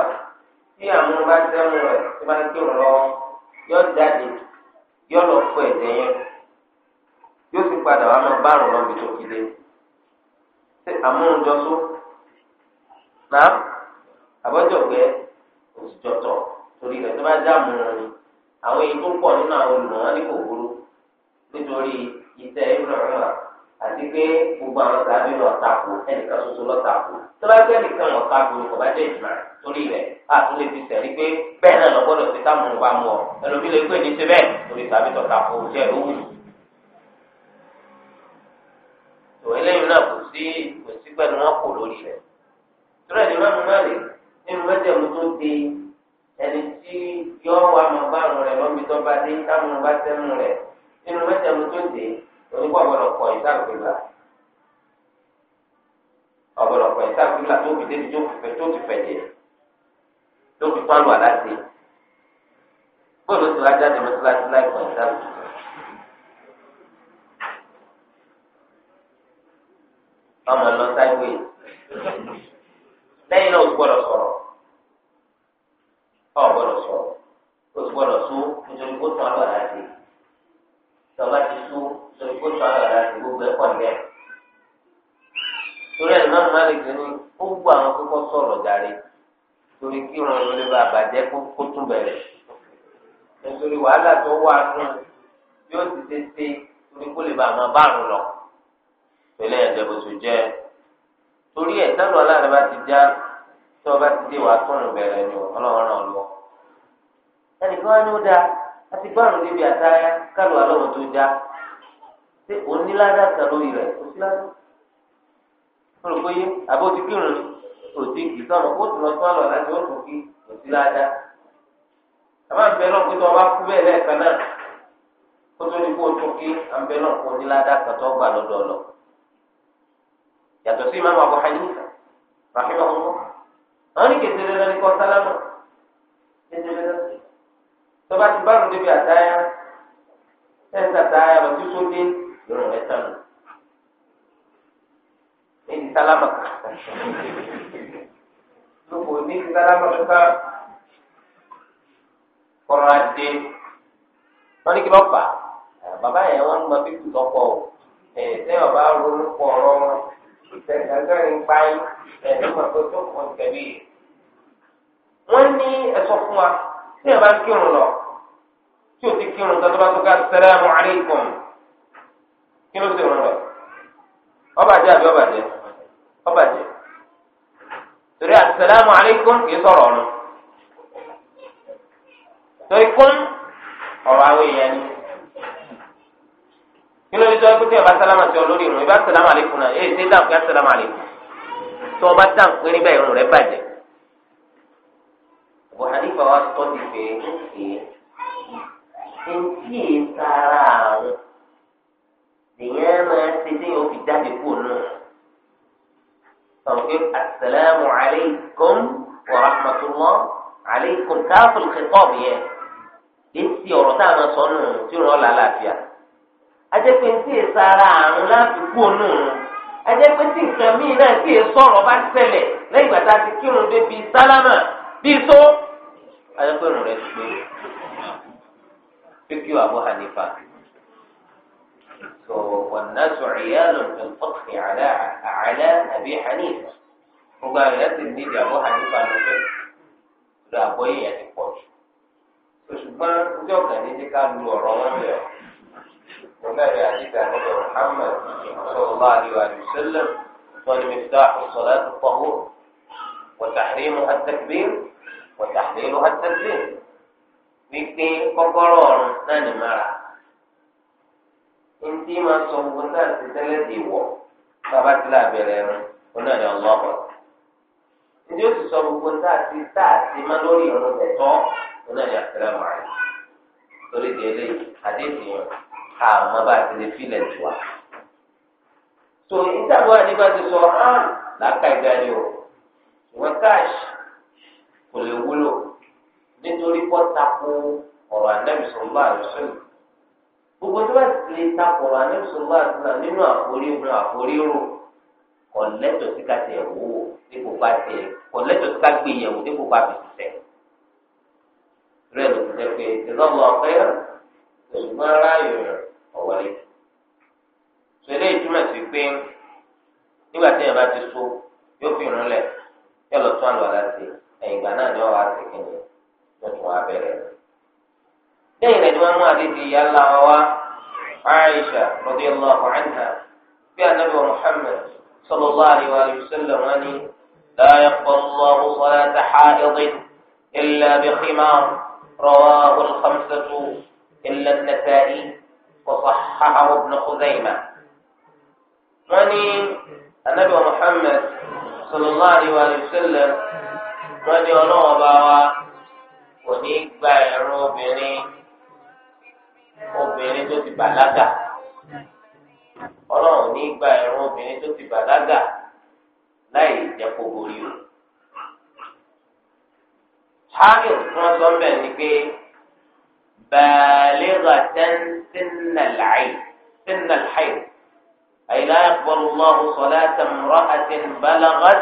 tí àmúrun bá yọ jáde yọ lọ fọ ẹ̀jẹ̀ yẹn yóò padà wá máa bárùn lọ bí àmúrun àbọ̀jọ̀gbẹ́ òsìjọ́tọ̀ torí rẹ̀ tó bá dáàmú wọn ni àwọn èyí tó pọ̀ nínú àwọn olùmọ̀ọ́ ní kò burú nítorí iṣẹ́ ìrànlọ́wọ́ àti pé gbogbo àwọn sàbí lọ tako ẹnìkan ṣoṣo lọ tako tó bá gbé ẹnìkan lọ tako ni kò bá jẹ́ ìjìnlẹ̀ torí rẹ̀ a tún lè fi sẹ̀rí pé bẹ́ẹ̀ náà lọ gbọ́dọ̀ fi táwọn ọba mú ọ ẹlòmí lè ní ti torí sàbí lọ tako òjẹ́ lówùú pé ẹni tí yọ wà máa bá àrùn rẹ̀ lọ́mí tó bá dé táwọn bá sẹ́nu rẹ̀ nínú mẹ́tẹ̀ẹ̀mú tó dé onígbà gbọ́dọ̀ kọ̀ ìtàgbéga ọ̀gbọ́dọ̀ kọ̀ ìtàgbéga tó fi débi tó fi fẹ̀jẹ̀ tó fi tọ́lù àláṣẹ bọ́ọ̀lù tó wá jáde mọ́tíláṣí láì kọ̀ ìtàgbéga. ọmọ lọ wàhálà tó wà nù yóò ti tètè torí kó lè bá àwọn báàrùn lọ pẹ̀lẹ́ ẹ̀jẹ̀ bó so jẹ́ torí ẹ̀ sálọ aláàrẹ̀ bá ti já tí ọba ti dé wàá tọ̀nù bẹ̀rẹ̀ ni ọlọ́run náà lọ. ẹnìkan wá ní ó dáa àti báàrùn débi àtàyà kálù alọ́wọ́ tó já ṣé onílàdà kan lórí rẹ̀ kò sí ládà. mo rò pé àbótikírun òsì kì sọ̀rọ̀ láti ó tún kí àmọ́ àbẹ náà kí tó ọba kú bẹ́ẹ̀ lẹ́ẹ̀kan náà kó tó ní kó o tún kí àbẹ náà kó ní ládàkà tó gbà lọ́dọ̀ lọ. yàtọ̀ sí ìmáàmù Abu Hanifa ràhìmọ̀ ọ̀hún àwọn ní kẹsìrì lọ ní kọ́ sálámà kẹsìrì lọ sí. tọ́ba ti bá ròdébi àtáyà ẹ̀ńtà àtáyà lọ sí sódé lọ́rùn ẹ̀ sànù. ní sálámà kà lóko ní sálámà kà. kọ́ra dé wọ́n ní kí lọ́ọ́ fà baba o ọba ronú wọn ìtẹ̀gbẹ́gbẹ́rin páyín ẹ̀ ní mọ̀ tó tó kàn tẹ̀lé wọ́n ní ẹ̀sọ́ fún wa tí ẹ̀ bá kírun lọ tí o ti kírun tó tó ká assalamu alaykum lọ àbí torí torí kún ọ̀rọ̀ àwọn èèyàn ni kí ló dé tó ẹgbẹ́ tí ọba sálámà sí ọ lórí ìrùn ìbá sálámà àlékún náà èyí ṣe dáhùn kí á sálámà àlékún tó ọba dáhùn pé níbẹ̀ ìrùn rẹ bàjẹ́ buhari bá wa tọ́ di pé ẹ ntí ìtara àwọn èèyàn máa ṣe tí yóò fi jáde kúrò náà sọ̀rọ̀ pé asalaamu wa rahmatulah aleykum káfíńkì kọ́ọ̀bù yẹn kì í ti ọ̀rọ̀ tá a máa sọ nù tí ó rán làlàáfíà ajẹ́ pé tí èsà ara àrùn láti kú ònù ajẹ́ pé tí nǹkan míì náà tí èsọ ọ̀rọ̀ bá ṣẹlẹ̀ lẹ́yìn ìgbà tá a ti kírun dé bíi sálámà bíi tó ajẹ́ pé òrùn rẹ̀ ti pé fíkì Abu Hanifa tó wọn náà sọ ìyáàlù tó tọ́kì àlẹ́ àlẹ́ àbí Hanifa gbogbo àwọn ìyá ti ní ìdí Abu Hanifa lọ́fẹ̀ẹ́ lọ́wọ́ àgbọ̀yìn yẹn ti pọ̀ jù. ṣùgbọ́n ọjọ́ kan ní ti ká lu ọ̀rọ̀ wọn lẹ̀ wọn náà yà ní ìgbà nílẹ̀ Muhammad sọlọ́lá àríwá àríwá sẹ́lẹ̀ sọ́ni mẹ́ta ọ̀sọ̀lá ti pọ̀wọ́ wọ̀tàhìrìmù àtẹ̀gbé wọ̀tàhìrìmù àtẹ̀gbé wípé kọ́kọ́rọ́ ọ̀run náà ní mara ntí máa sọ wọn náà ti tẹ́lẹ̀ ti wọ̀ bàbá ti lábẹ́rẹ́ rẹ wọn náà ní ọlọ́wọ́ ntí ó ti sọ gbogbo táà ti táà ti má lórí ọ̀run tẹ̀tọ́. náà ní àtẹlẹmọ àyè torí délé àdéhùn yẹn ká àwọn bá ti lè fílẹ̀ tù wá. tó ìtàgbọ́ àdébá ti sọ hàn láka ìgbàlè o ìwọ̀n káàṣì kò lè wúlò nítorí pọ́ tako ọ̀rọ̀ ànábìsọ̀lá àlùsọ̀lù gbogbo tó bá ti lè tako ọ̀rọ̀ ànábìsọ̀lá àlùsọ̀lù nínú àforí ìrìn àforí rò kọ̀lẹ́tọ̀ sí ká tiẹ̀ wò ó dípò bá tiẹ̀ kọ̀lẹ́tọ̀ sí ká gbé yẹ̀wò dípò bá fi sẹ́yìn rẹ ló ti jẹ pé ìdánwò ọ̀pẹ́yà ṣùgbọ́n ráàyò ọ̀wọ́lẹ̀. sọlẹ́ ìtumọ̀ sí pé nígbà tí yàrá ti so yóò fi irun lẹ̀ yóò lọ tún àlọ́ àláṣẹ ẹ̀yìn ìgbà náà ni wọ́n wá sí kìnìún wọ́n wá bẹ̀rẹ̀ lẹ́yìn rẹ̀ ni mú àdéhìí yálà wá Aisha radiyallahu anha bí anabi wa sallam wani la yaqbalu Allahu salata haidin illa bi khimar. رواه الخمسة إلا النسائي وصححه ابن خزيمة وني النبي محمد صلى الله عليه وسلم وني ونوبا وني بيرو بني obìnrin tó ti bàlágà ọlọ́run ní gba ẹ̀rọ obìnrin tó ti bàlágà láì jẹ́ kó borí o ṣáàyò tí wọ́n sọ bẹ́ẹ̀ ni pé balighatan sinnal hayy sinnal hayy ay la yaqbalu Allahu salata imra'atin balaghat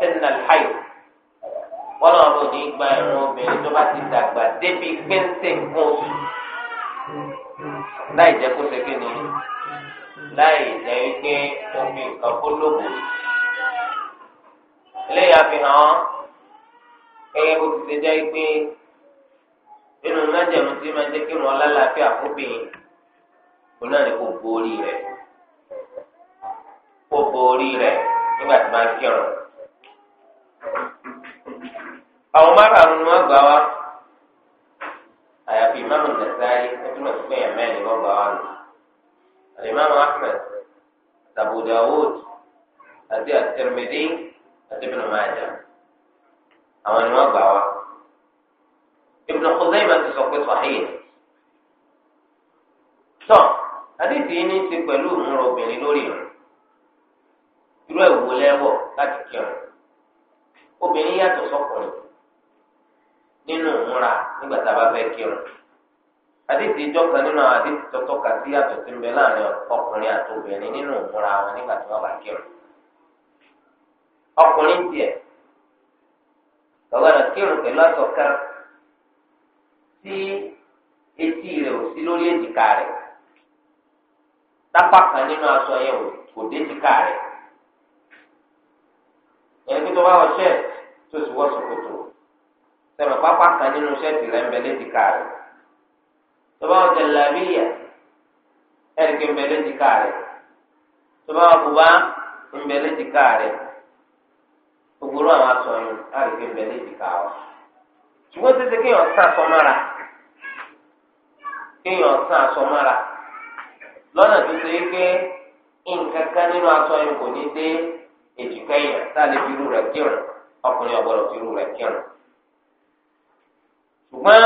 sinnal hayy wọ́n náà bò ní gba ẹ̀rọ obìnrin tó bá ti dàgbà débi péńté nǹkan oṣù láì jẹ́ kó ṣe kí ni láì jẹ́ wípé omi nǹkan kó lóògùn. eléyàá fi hàn án gẹ́gẹ́ bó ti ṣe jẹ́ pé nínú májèmú tí máa jẹ́ kí wọn lálàáfíà fóbìnrin òun náà ni kò borí rẹ̀ kò borí rẹ̀ nígbà tí máa kírun. àwọn márùn-ún ni wọ́n gbà wá àyàfi ìmáàmù Nasa'i wọ́n túmọ̀ sí pé ẹ̀mẹ́ ni wọ́n gbà wá nù. àlìmáàmù Ahmad Abu àti At-Tirmidhi àti Ibn Majah. àwọn ni wọ́n gbà wá Ibn Khuzaimah ti sọ pé sahih tọ́ àdìsí ní ti pẹ̀lú ìmúra obìnrin lórí rẹ̀ irú ẹ̀wò lẹ́wọ̀ láti kírun obìnrin yàtọ̀ sọ́kùnrin nínú nígbà tá a bá fẹ́ kírun àdìsí ìjọ kan nínú àwọn àdìsí tọ́gbọ́dọ̀ kírun pẹ̀lú aṣọ kan tí etí rẹ̀ ò sí lórí èjìká rẹ̀ tápá kan nínú aṣọ yẹn kò dé èjìká rẹ̀ ẹni pé tó bá wọ ṣẹ́ẹ̀tì tó sì wọ ṣòkòtò sẹ́mi pápá kan nínú ṣẹ́ẹ̀tì rẹ̀ ń bẹ léjìká rẹ̀ tó bá wọ jẹ̀lábíyà ẹ̀rìkì ń bẹ léjìká rẹ̀ tó bá wọ bùbá ń bẹ léjìká rẹ̀ gbogbo àwọn asọyún àrègbè ńbẹ ní ìdìkà wa ṣùgbọ́n títí kéèyàn sá sọmára kéèyàn sá sọmára lọ́nà tó ṣe é pé nǹkan kan nínú asọyún kò ní dé èjìká èèyàn tá a lè fi irú rẹ̀ kírun ọkùnrin ọ̀gbọ́dọ̀ fi irú rẹ̀ kírun ṣùgbọ́n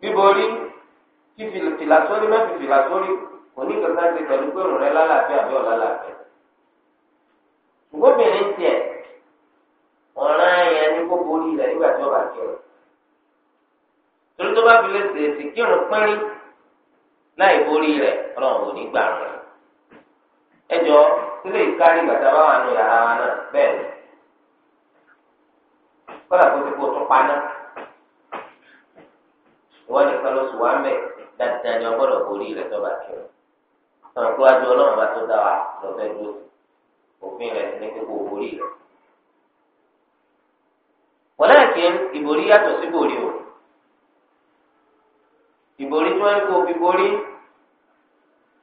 bíborí fífi fìlà sórí má fi fìlà sórí kò ní kankan ṣe pẹ̀lú pé òun rẹ̀ lálàáfíà bí ọ̀làlàáfíà. lè si kírun pínrín láì borí rẹ̀ ọlọrun ò ní gbà ẹjọ ẹjọ́ sílé ìkárí gbàtà bá wà nù yàrá wa náà bẹ́ẹ̀ ni kọ́lá tó ti kó tún paná ìwọ nìkan ló sùn wá mẹ́ dáadáa ni ìborí tí wọ́n kó fi borí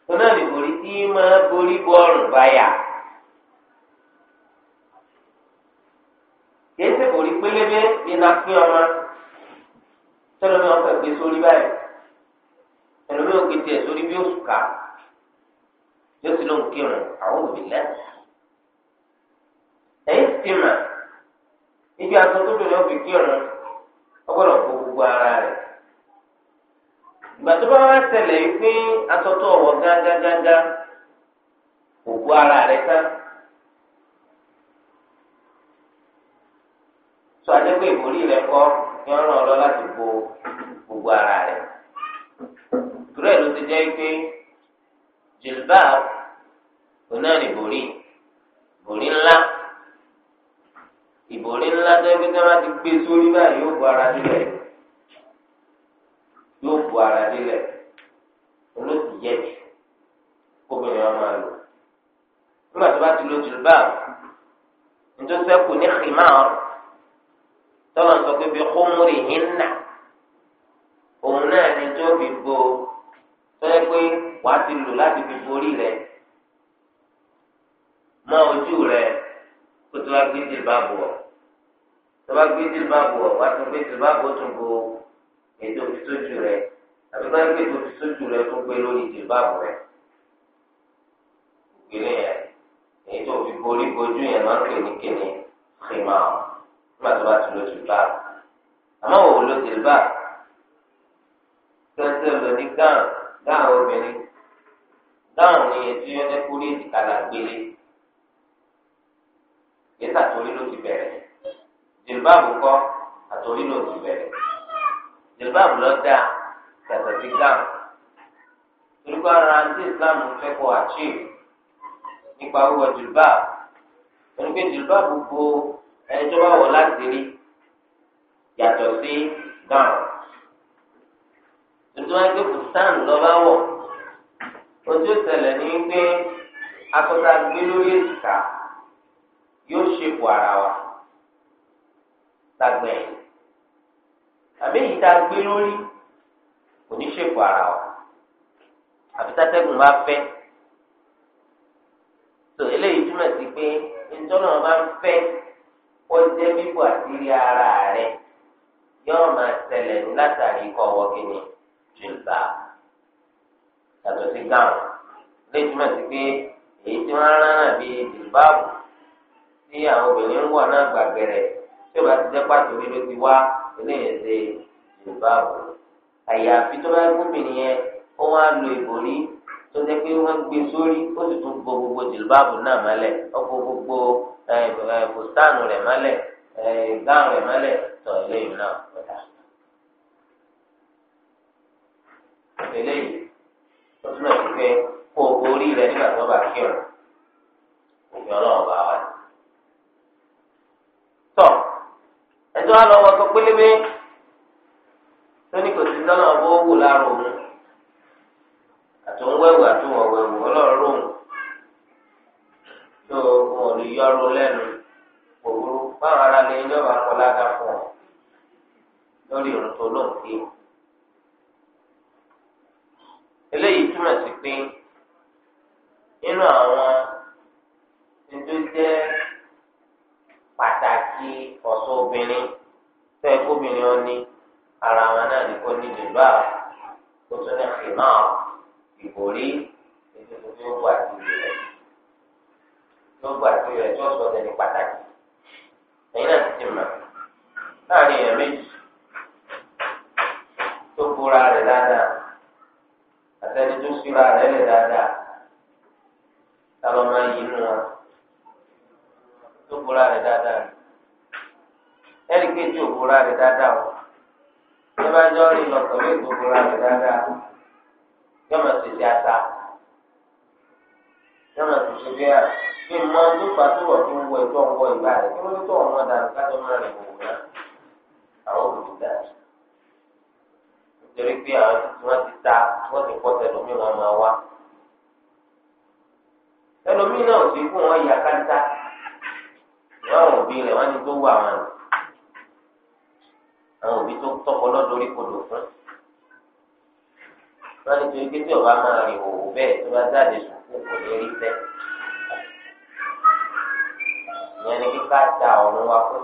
wọn náà lè borí tí máa borí bọ́ọ̀rùn báyà. kìí ṣe borí pélébé ní nàpín ọmọ tẹlifí ọkọ ìgbé sórí báyìí tẹlifí ọkọ ìgbé sórí bí oṣù ká yóò ti kírun àwọn ti mà àtúntò tó lè fi kírun kó gbogbo ara ìgbà tó bá wá ṣẹlẹ̀ yìí pé asọ́tọ̀ ọ̀wọ́ gángangánga kò bu ara rẹ̀ tán. sọ àdéhùn ìwòrí rẹ̀ kọ́ kí wọ́n ràn ọ́ lọ láti bo gbogbo ara rẹ̀. ìtúrẹ́ ló ti jẹ́ pé jilbab òun náà ní ìbòrí ìbòrí ńlá ìbòrí ńlá tó ẹgbẹ́ tí wọ́n ti gbé sórí báyìí yóò bu ara sílẹ̀ yóò bu ara délẹ̀ olóòtú yẹ jù obìnrin wọn máa lò nígbà tó bá ti lo jilbab nítorí sẹ́kù ní khimar tọ́lọ̀ sọ pé bí kúmúrì yín nà òun náà ni tó fi bo tọ́lẹ̀ pé wàá ti lò láti fi borí rẹ̀ mọ ojú rẹ̀ kó tó wá gbé jilbab bọ̀ tó bá gbé jilbab bọ̀ wàá tún gbé jilbab bọ̀ tún bo ètò ìfitójú rẹ àbí ká gbé ètò ìfitójú rẹ tó gbé lórí ìdìbàbò rẹ ìgbélé yẹn èyí tó fi borí bojú yẹn máa ń pè ní kíni xìmà ọ nígbà tó bá ti lo jìlbà àmọ́ wò ló jìlbà tẹsẹ lọ ní gáàn gáàn obìnrin gáàn ni ètò yẹn jẹ kórè ìdìkadà gbélé yẹtà torí ló ti bẹ̀rẹ̀ jìlbà bùkọ àtòrí ló ti bẹ̀rẹ̀ jìlbáàbù lọ da yàtọ̀ sí gáàmù toríko ara àti islam fẹ́ kọ́ àṣì nípa wíwọ̀ jìlbáàbù onígbé jìlbáàbù bo ẹni tó bá wọ̀ láti rí yàtọ̀ sí gáàmù tuntun wọn gbé bùsán lọ́ba wọ̀ ojú ìṣẹ̀lẹ̀ ní gbé akọta gbé lórí èsìkà yóò ṣèpò ara wa lágbẹ̀ẹ́ àbí èyí tá a gbé lórí kò ní ṣèkù ara wa àfi tátẹ́gùn bá fẹ́ tó eléyìí túmọ̀ sí pé ìtọ́nà bá ń fẹ́ ó jẹ́ bíbò àtìrí ara rẹ̀ yóò máa ṣẹlẹ̀ ní látàrí kọ́ ọwọ́ kìíní jùlọ yàtọ̀ sí gáwọn eléyìí túmọ̀ sí pé èyí tí wọ́n rán náà bíi jùlbáàbù tí àwọn obìnrin ń wọ̀ náà gbàgbẹ̀rẹ̀ tí ó bá ti jẹ́ pàtó ló ti wá eléyìí ṣe yorùbá o àyàfi tó bá gómìnà yẹn ó wá lo ìbòrí tó jẹ́ pé wọ́n gbé sórí ó sì tún gbó gbogbo jìlbáàbù náà mọ́lẹ̀ ó gbó gbogbo bùsítánù rẹ̀ mọ́lẹ̀ gáàrùn rẹ̀ mọ́lẹ̀ tó eléyìí náà pẹ̀lá. eléyìí ó túnbọ̀ sí pé kó o borí rẹ̀ nígbà tó bá kírun òfin ọlọ́run bá wà. tọ́ ẹjọ́ á lọ́wọ́ pélébé lónìí kò sí tọ́nà owó wò lára òun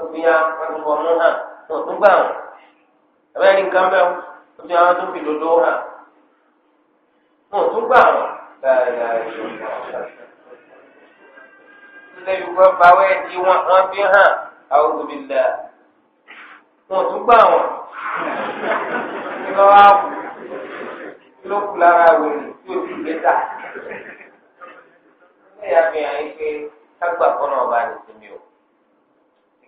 tó fi ya wọn ti wọnú hàn tó tún gbà wọn ẹ̀bẹ̀ ní nǹkan bẹ́ẹ̀ tó fi àwọn tó fi lòdó hàn tó tún gbà wọn dáadáa ìlú ilé yorùbá báwẹ̀ di wọn fi hàn àwọn òbí lẹ̀ tó tún gbà wọn kí ló wá kú ló kú lára wèrè tí o ti gbé ta ilé yàgbé yàn yín pé ká gbà kọ́nà ọba nìsinmi o.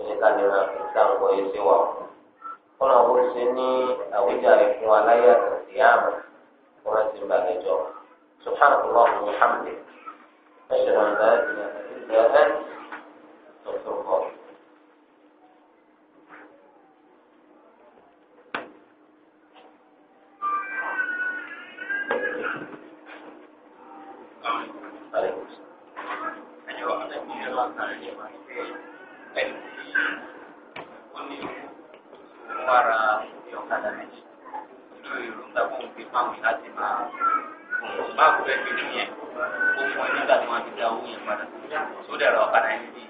oníkàlẹ́ máa fi sáǹkọ yìí sí wa kọ́nà ó ṣe ní àwíjàre fún wa láyé àtàtì àmọ́ kó má ti ń balẹ̀ jọ subhanahu wa ta'ala alhamdulilayi ashhadu an la ilaha illa anta astaghfiruka Thank you pẹ́ ó ní òun ara ọ̀kadà méjì inú pun di un hati mah láti máa fún báàgù bẹ́ẹ̀ ini ní yẹn ó fún ẹ nígbà tí wọ́n ti dá owó yẹn padà tó dẹ̀rọ ọ̀kadà yẹn ní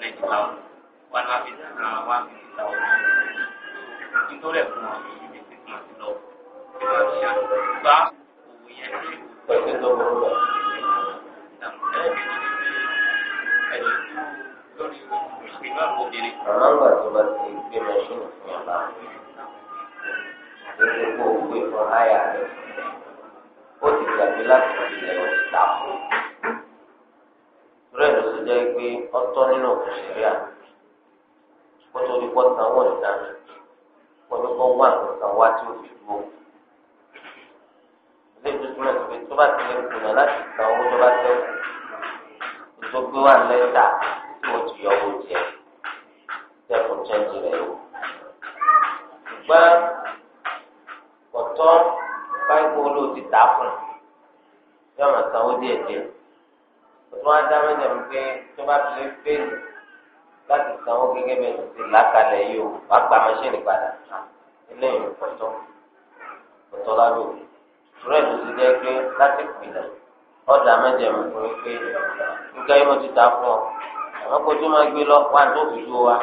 ninety thousand one one fifty thousand one fifty thousand nítorí ẹ̀ fún wọn yìí ní six pè ní àwọn obìnrin. àmọ́ ìgbà tó bá ti gbé mẹ́ṣínì fún yàrá ló ṣe kó gbé fún háyà rẹ̀ ó ti gbàgbé láti ilẹ̀ ó ti ló ṣe jẹ́ pé ọtọ́ nínú òfin ṣẹ̀ríà kó tó di pọ́ sanwó ìdáná kó ní kó wà ní sanwó àti òfin gbòó lẹ́yìn tó túmọ̀ sí pé tó bá ti lè kùnà láti san owó tó bá tẹ̀ kù gbé wà lẹ́ta ó ti yọ owó jẹ sẹ́kùn twenty rẹ̀ o. ṣùgbọ́n ọ̀tọ́ báńkì olóò ti tà fún un yóò máa sanwó díẹ̀ díẹ̀. òtún á dá mẹ́jọ mi pé tó bá ti lè fèlè láti sanwó gẹ́gẹ́ bẹ́ẹ̀ ló ti làákàlẹ̀ yìí o wá gba mẹ́ṣẹ́nì padà ilé ìwé pọ̀tọ́ pọ̀tọ́ lábẹ́ òfin. ìṣúrẹ́ ti jẹ́ pé láti pìlẹ̀ ọ̀dà mẹ́jọ mi pé nǹkan yìí mo ti tà ọ àwọn kò tó máa gbé lọ wá tó fi lu wa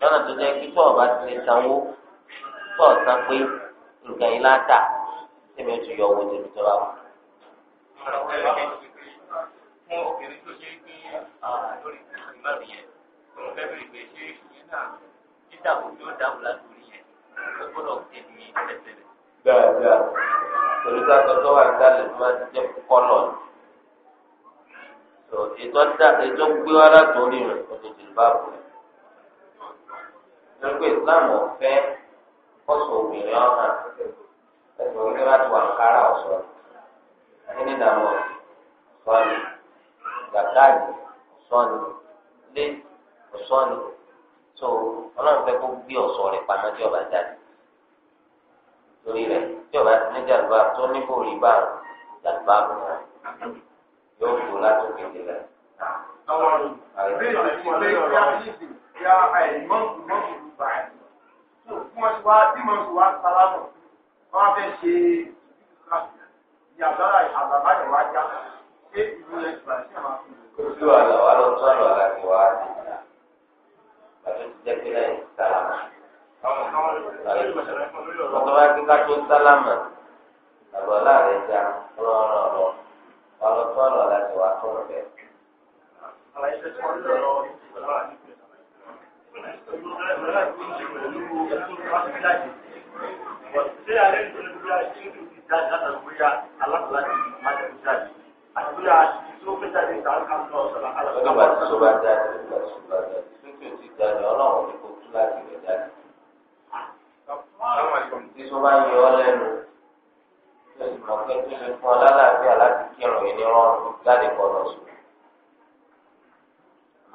lọ́nà tó jẹ́ pé tọ́ọ̀ bá ti lè sanwó tọ́ọ̀ san pé nǹkan yìí láta tèmi ó ti yọ owó tèmi tó bá wà. fún obìnrin tó ṣe ní lórí ìmọ̀ràn yẹn tó ń fẹ́ bèrè pé ṣé ìyẹn dáadáa pẹ̀lú ká sọ wà ní sálẹ̀ tó máa ti jẹ́ kọ́lọ̀ tó ètò dá ètò gbé wá látòrí rẹ̀ kó tó ti bá bò rẹ̀ lórí islam ọ̀fẹ́ kọ́sọ̀ obìnrin ọ̀hán ẹ̀sìn orílẹ̀ láti wà kára ọ̀sọ̀ ẹni dààmú sọ́ni gàgáàdì sọ́ni lé sọ́ni tó ọlọ́run fẹ́ kó gbé ọ̀sọ̀ rẹ̀ pamọ́ tí ọba jáde lórí rẹ̀ tí ọba ti ní jàdùbà tó níbo rí bá jàdùbà bò rẹ̀ yóò fò láti òkè délẹ̀. Àwọn ọ̀rọ̀ bí ìgbésẹ̀ ya àìmọ́ǹkù mọ́ǹkù ló bá ẹ̀. Tó fún ọtí wá bí mọ́ǹkù wá sára mọ̀, wọ́n á fẹ́ ṣe ìyàtọ̀ àbàbá yẹn wá já. Ṣé ìlú yẹn ti bàjẹ́ máa fi lò? Ojú àlọ́ wa lọ tún àlọ́ àlá ti wá àti ìlà. Bàbá ti jẹ́ pé lẹ́yìn sálámà. Ọ̀tọ́ bá ti ká tó sálámà. Àbọ̀ láàrin já rán rán rán ọ̀rọ̀ tó ọ̀rọ̀ láti wà tó rẹ̀. Nígbà tí tó bá jáde, nígbà tí tó bá jáde, títí ò ti jáde, ọlọ́run ní kò tú láti rẹ̀ jáde. Tí tó bá yọ ọ lẹ́nu lọ́sì mọ̀ pé kí lè fún ọ lálàáfíà láti kírun yìí ní rọrùn láti kọ̀ lọ sùn.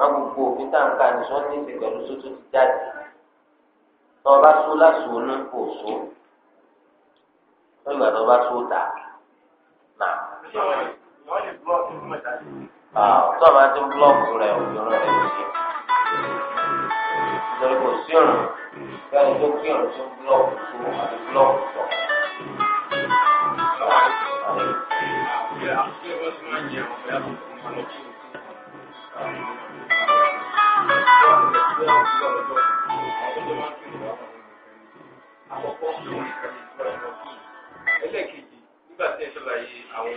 àmọ́ gbogbo òfin táǹkà ni sọ ní ìsìn pẹ̀lú sótó ti jáde tọ́ ọ bá só lásòónú kò só lọ́gbà tó bá tó dà nà. tọ́ ma ti búlọ́ọ̀kù rẹ̀ òjòrò rẹ̀ òjì. nítorí kò sí ọ̀rùn kí ẹni tó kí ọ̀rùn tó búlọ́ọ̀kù tó àti búlọ́ọ̀kù tọ̀. Àkọ́kọ́ ẹlẹ́kejì nígbà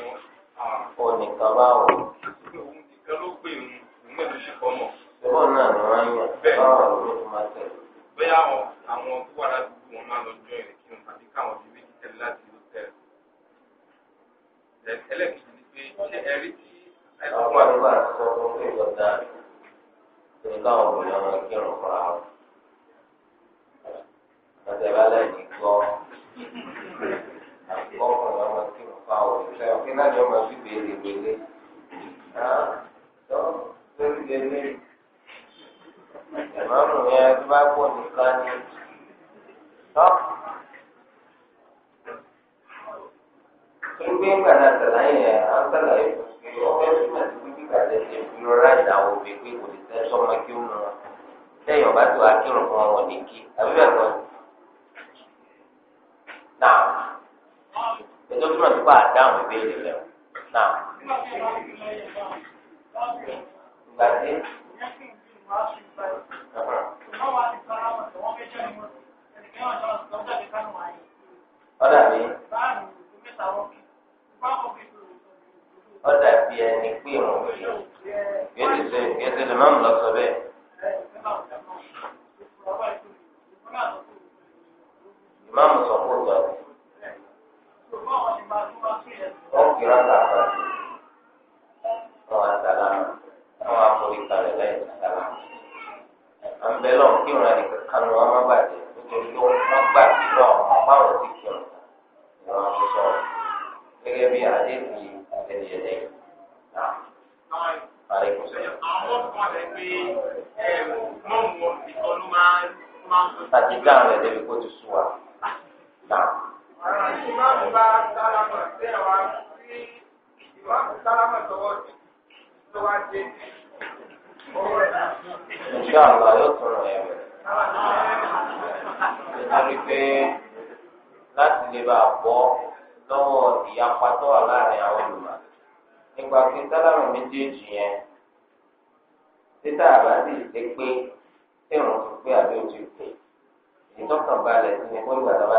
àdéhùn ọ̀gbẹ́ni ẹ̀dẹ́ náà. Àwọn kan Àti dáhùn rẹ̀ débi kó ti sùn wá. Àwọn nípa pé sálámù méjèèjì yẹn títà àbáàdì ṣe pé tí òun ti pé àbí òtí pé ìtọ́kànbalẹ̀ sí ni wọ́n gbàdá bá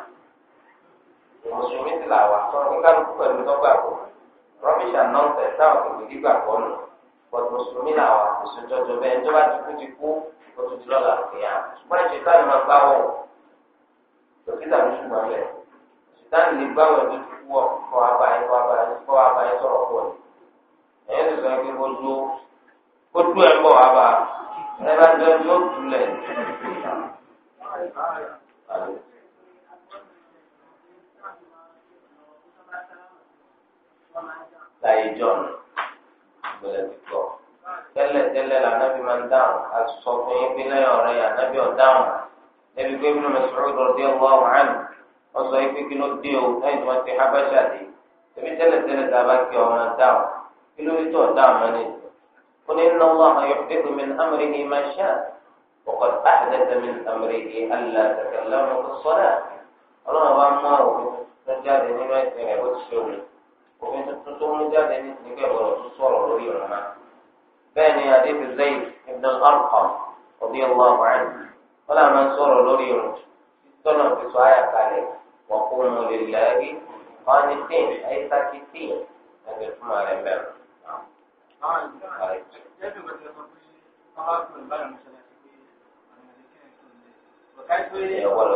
mùsùlùmí ti là wà oníkálukú pẹ̀lú tọ́gbàgbọ́ rubbish and nonsense táwọn kìlì gbígbàgbọ́ nù but mùsùlùmí là wà mùsùlùmí jọjọ bẹ́ẹ̀ tó bá ti kú ti kú ó tún ti lọ́la ìyá wọ́n ti sáyẹn máa gbá wọ̀ dókítà ló ṣùgbọ́n bẹ́ẹ̀ sìtáàni lè gbá wọ̀ tó ti kú ọ̀ kọ́ abayé kọ́ abayé kọ́ abayé sọ̀rọ̀ pọ̀ ni ẹ̀yẹ́ ti sọ pé kó dúró kó dúró ẹ̀ bọ̀ wá bá ẹ yóò dúlẹ̀. láyé jọ̀nù gbẹlẹ̀ ti gbọ́. tẹ́lẹ̀ tẹ́lẹ̀ la nábì máa ń dáhùn aṣọ fún yín pé lẹ́yìn ọ̀rẹ́ yà nábì ọ̀ dáhùn ẹbí pé Ibn Mas'ud radiyallahu anhu wọ́n sọ pé kí ló dé o lẹ́yìn tí wọ́n ti habẹ́ṣà dé ẹbí tẹ́lẹ̀ tẹ́lẹ̀ tá a bá kí ọmọ dáhùn kí ló tó dáhùn mọ́ ní inna Allaha yuhdithu min amrihi ma sha'a wa qad ahdatha min amrihi alla takallamu fi as-salah ọlọ́run bá mú àwọn òfin tó jáde nínú ẹ̀sìn rẹ̀ bó ti ṣe òfin tuntun tó mú jáde ní ìpínlẹ̀ ọ̀rọ̀ tó sọ̀rọ̀ lórí ọ̀rọ̀ náà. bẹ́ẹ̀ ni adébí zayd ibn al-arqam ọ̀bí ọ̀wọ́ àwòrán wọn làwọn máa ń sọ̀rọ̀ lórí ọ̀rọ̀ tọ́nà ti sọ wọ́n kó wọn lè láàrí wọn ní tíìn àyíká ti tíìn ẹgbẹ́ fún ààrẹ mẹ́rin. Ẹ̀wọ̀n lọ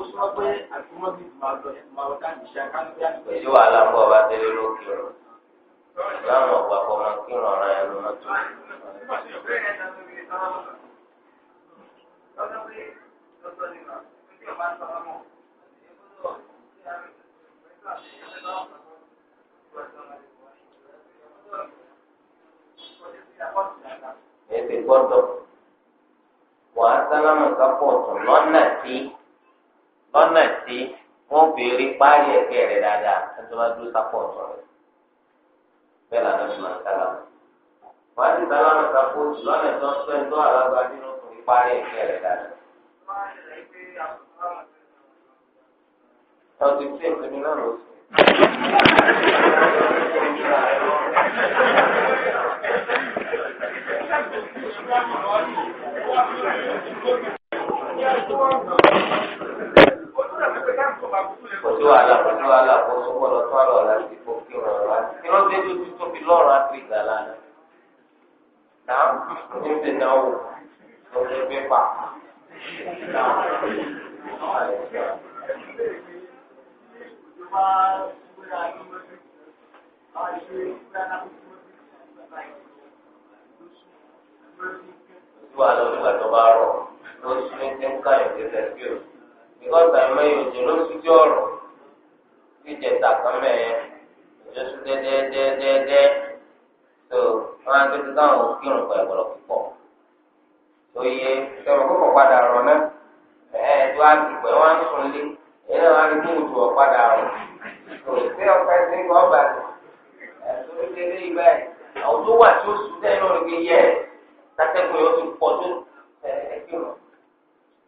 ó sọ pé àtúmọ̀bí máa lọ máa lọ táàmì ṣe àkànní bí àdúgbò. èyí wàhálà kó ọba délé lókè rẹ láwọn ọgbà kọ máa kí ràn ara ẹ lọ́nà tó. Èsì gbọ́dọ̀, wàá sálámù ká pọ̀ tún lọ́nà tí béèrè páálí ẹ̀kẹ́ rẹ̀ dáadáa ẹjọ́ bá dúró sápọ̀ ọ̀tọ̀ rẹ̀ bẹ́ẹ̀ lànà ṣe máa ń sára wọn á ti sára wọn kà fún oṣù lọ́nà tó ń fẹ́ tó àlágbá nínú fún páálí ẹ̀kẹ́ rẹ̀ dáadáa. ọtí tí èmi ní náà ló Thank you kòtò wàhálà kòtò wàhálà kò sọ́kò lọ tó àlọ́ ọ̀la ti kò kí ọ̀rọ̀ wa kí ló dé tó tó fi lọ́rùn àti ìgbà lánàá náà ní ti náà wò ó ní bí pa náà. Kòtò wàhálà olùgbàdàn bá rọ̀ ló sún ní ká ìdílé bí o. because àmọ́ òjò ló sójú ọ̀rọ̀ bí jẹta kan mẹ́ẹ̀ òjò sún dẹ́dẹ́dẹ́dẹ́ tó wọn á tètè káwọn òkìrùn pẹ̀lú ọ̀rọ̀ púpọ̀ oyè sọ̀rọ̀ kókò padà rọ̀ náà ẹ̀ẹ́ tó á ti á sùn lé náà á rí òjò ọ̀padà rọ̀ tó sí ẹ̀ tó ń àwọn tó wà sùn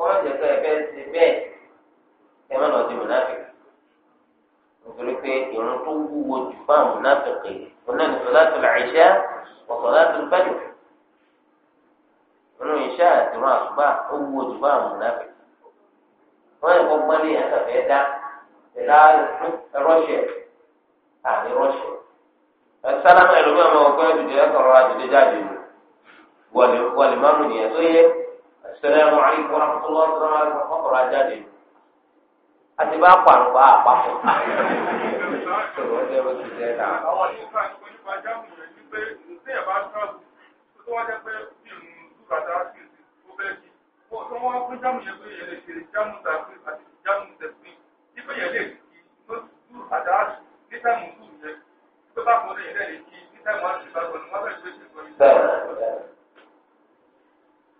kọ́lá jẹ́ pé ẹ̀fẹ́ ti bẹ́ẹ̀ ẹ má lọ di mùnáfíkì nítorí pé ìrun tó wúwo jù fáwọn mùnáfíkì wọn náà ní sọláàtù làìṣá wọn sọláàtù fẹjọ ìrun ìṣá àti ìrun àsùbá ó wúwo jù fáwọn mùnáfíkì wọn yẹ kó gbọ́n lé yẹn kàfẹ́ dá ìlà rọ́ṣẹ̀ àní rọ́ṣẹ̀ sálámà ẹlòmíràn ọmọ ọgbọ́n ẹ̀dùdẹ̀ ẹ̀kọ́ rọra dìde jáde wọlé mọ́mù nìyẹn tó yẹ sẹlẹmu alaykum rahmatulah rahmatulah wọn kọrọ ajáde àti bá pàrọ̀ bá àpapọ̀. sọ̀rọ̀ ó jẹ́ bó ti jẹ́ náà. àwọn yìí ká ìwé nípa jáàmù rẹ̀ ní pé ǹjẹ́ ẹ̀ bá sọ̀rọ̀ tó tó wá jẹ́ pé bí ìrùn túkàtà sí tó bẹ́ẹ̀ kí kó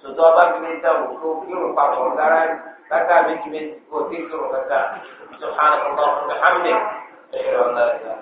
sọtọ ọba kìíní ta òkú kírun papọ̀ rárá kàkà mi kìíní kò tí kírun kàkà sọ̀hánà ọba ọ̀hánà ẹ̀rọ ọ̀la ẹ̀dá.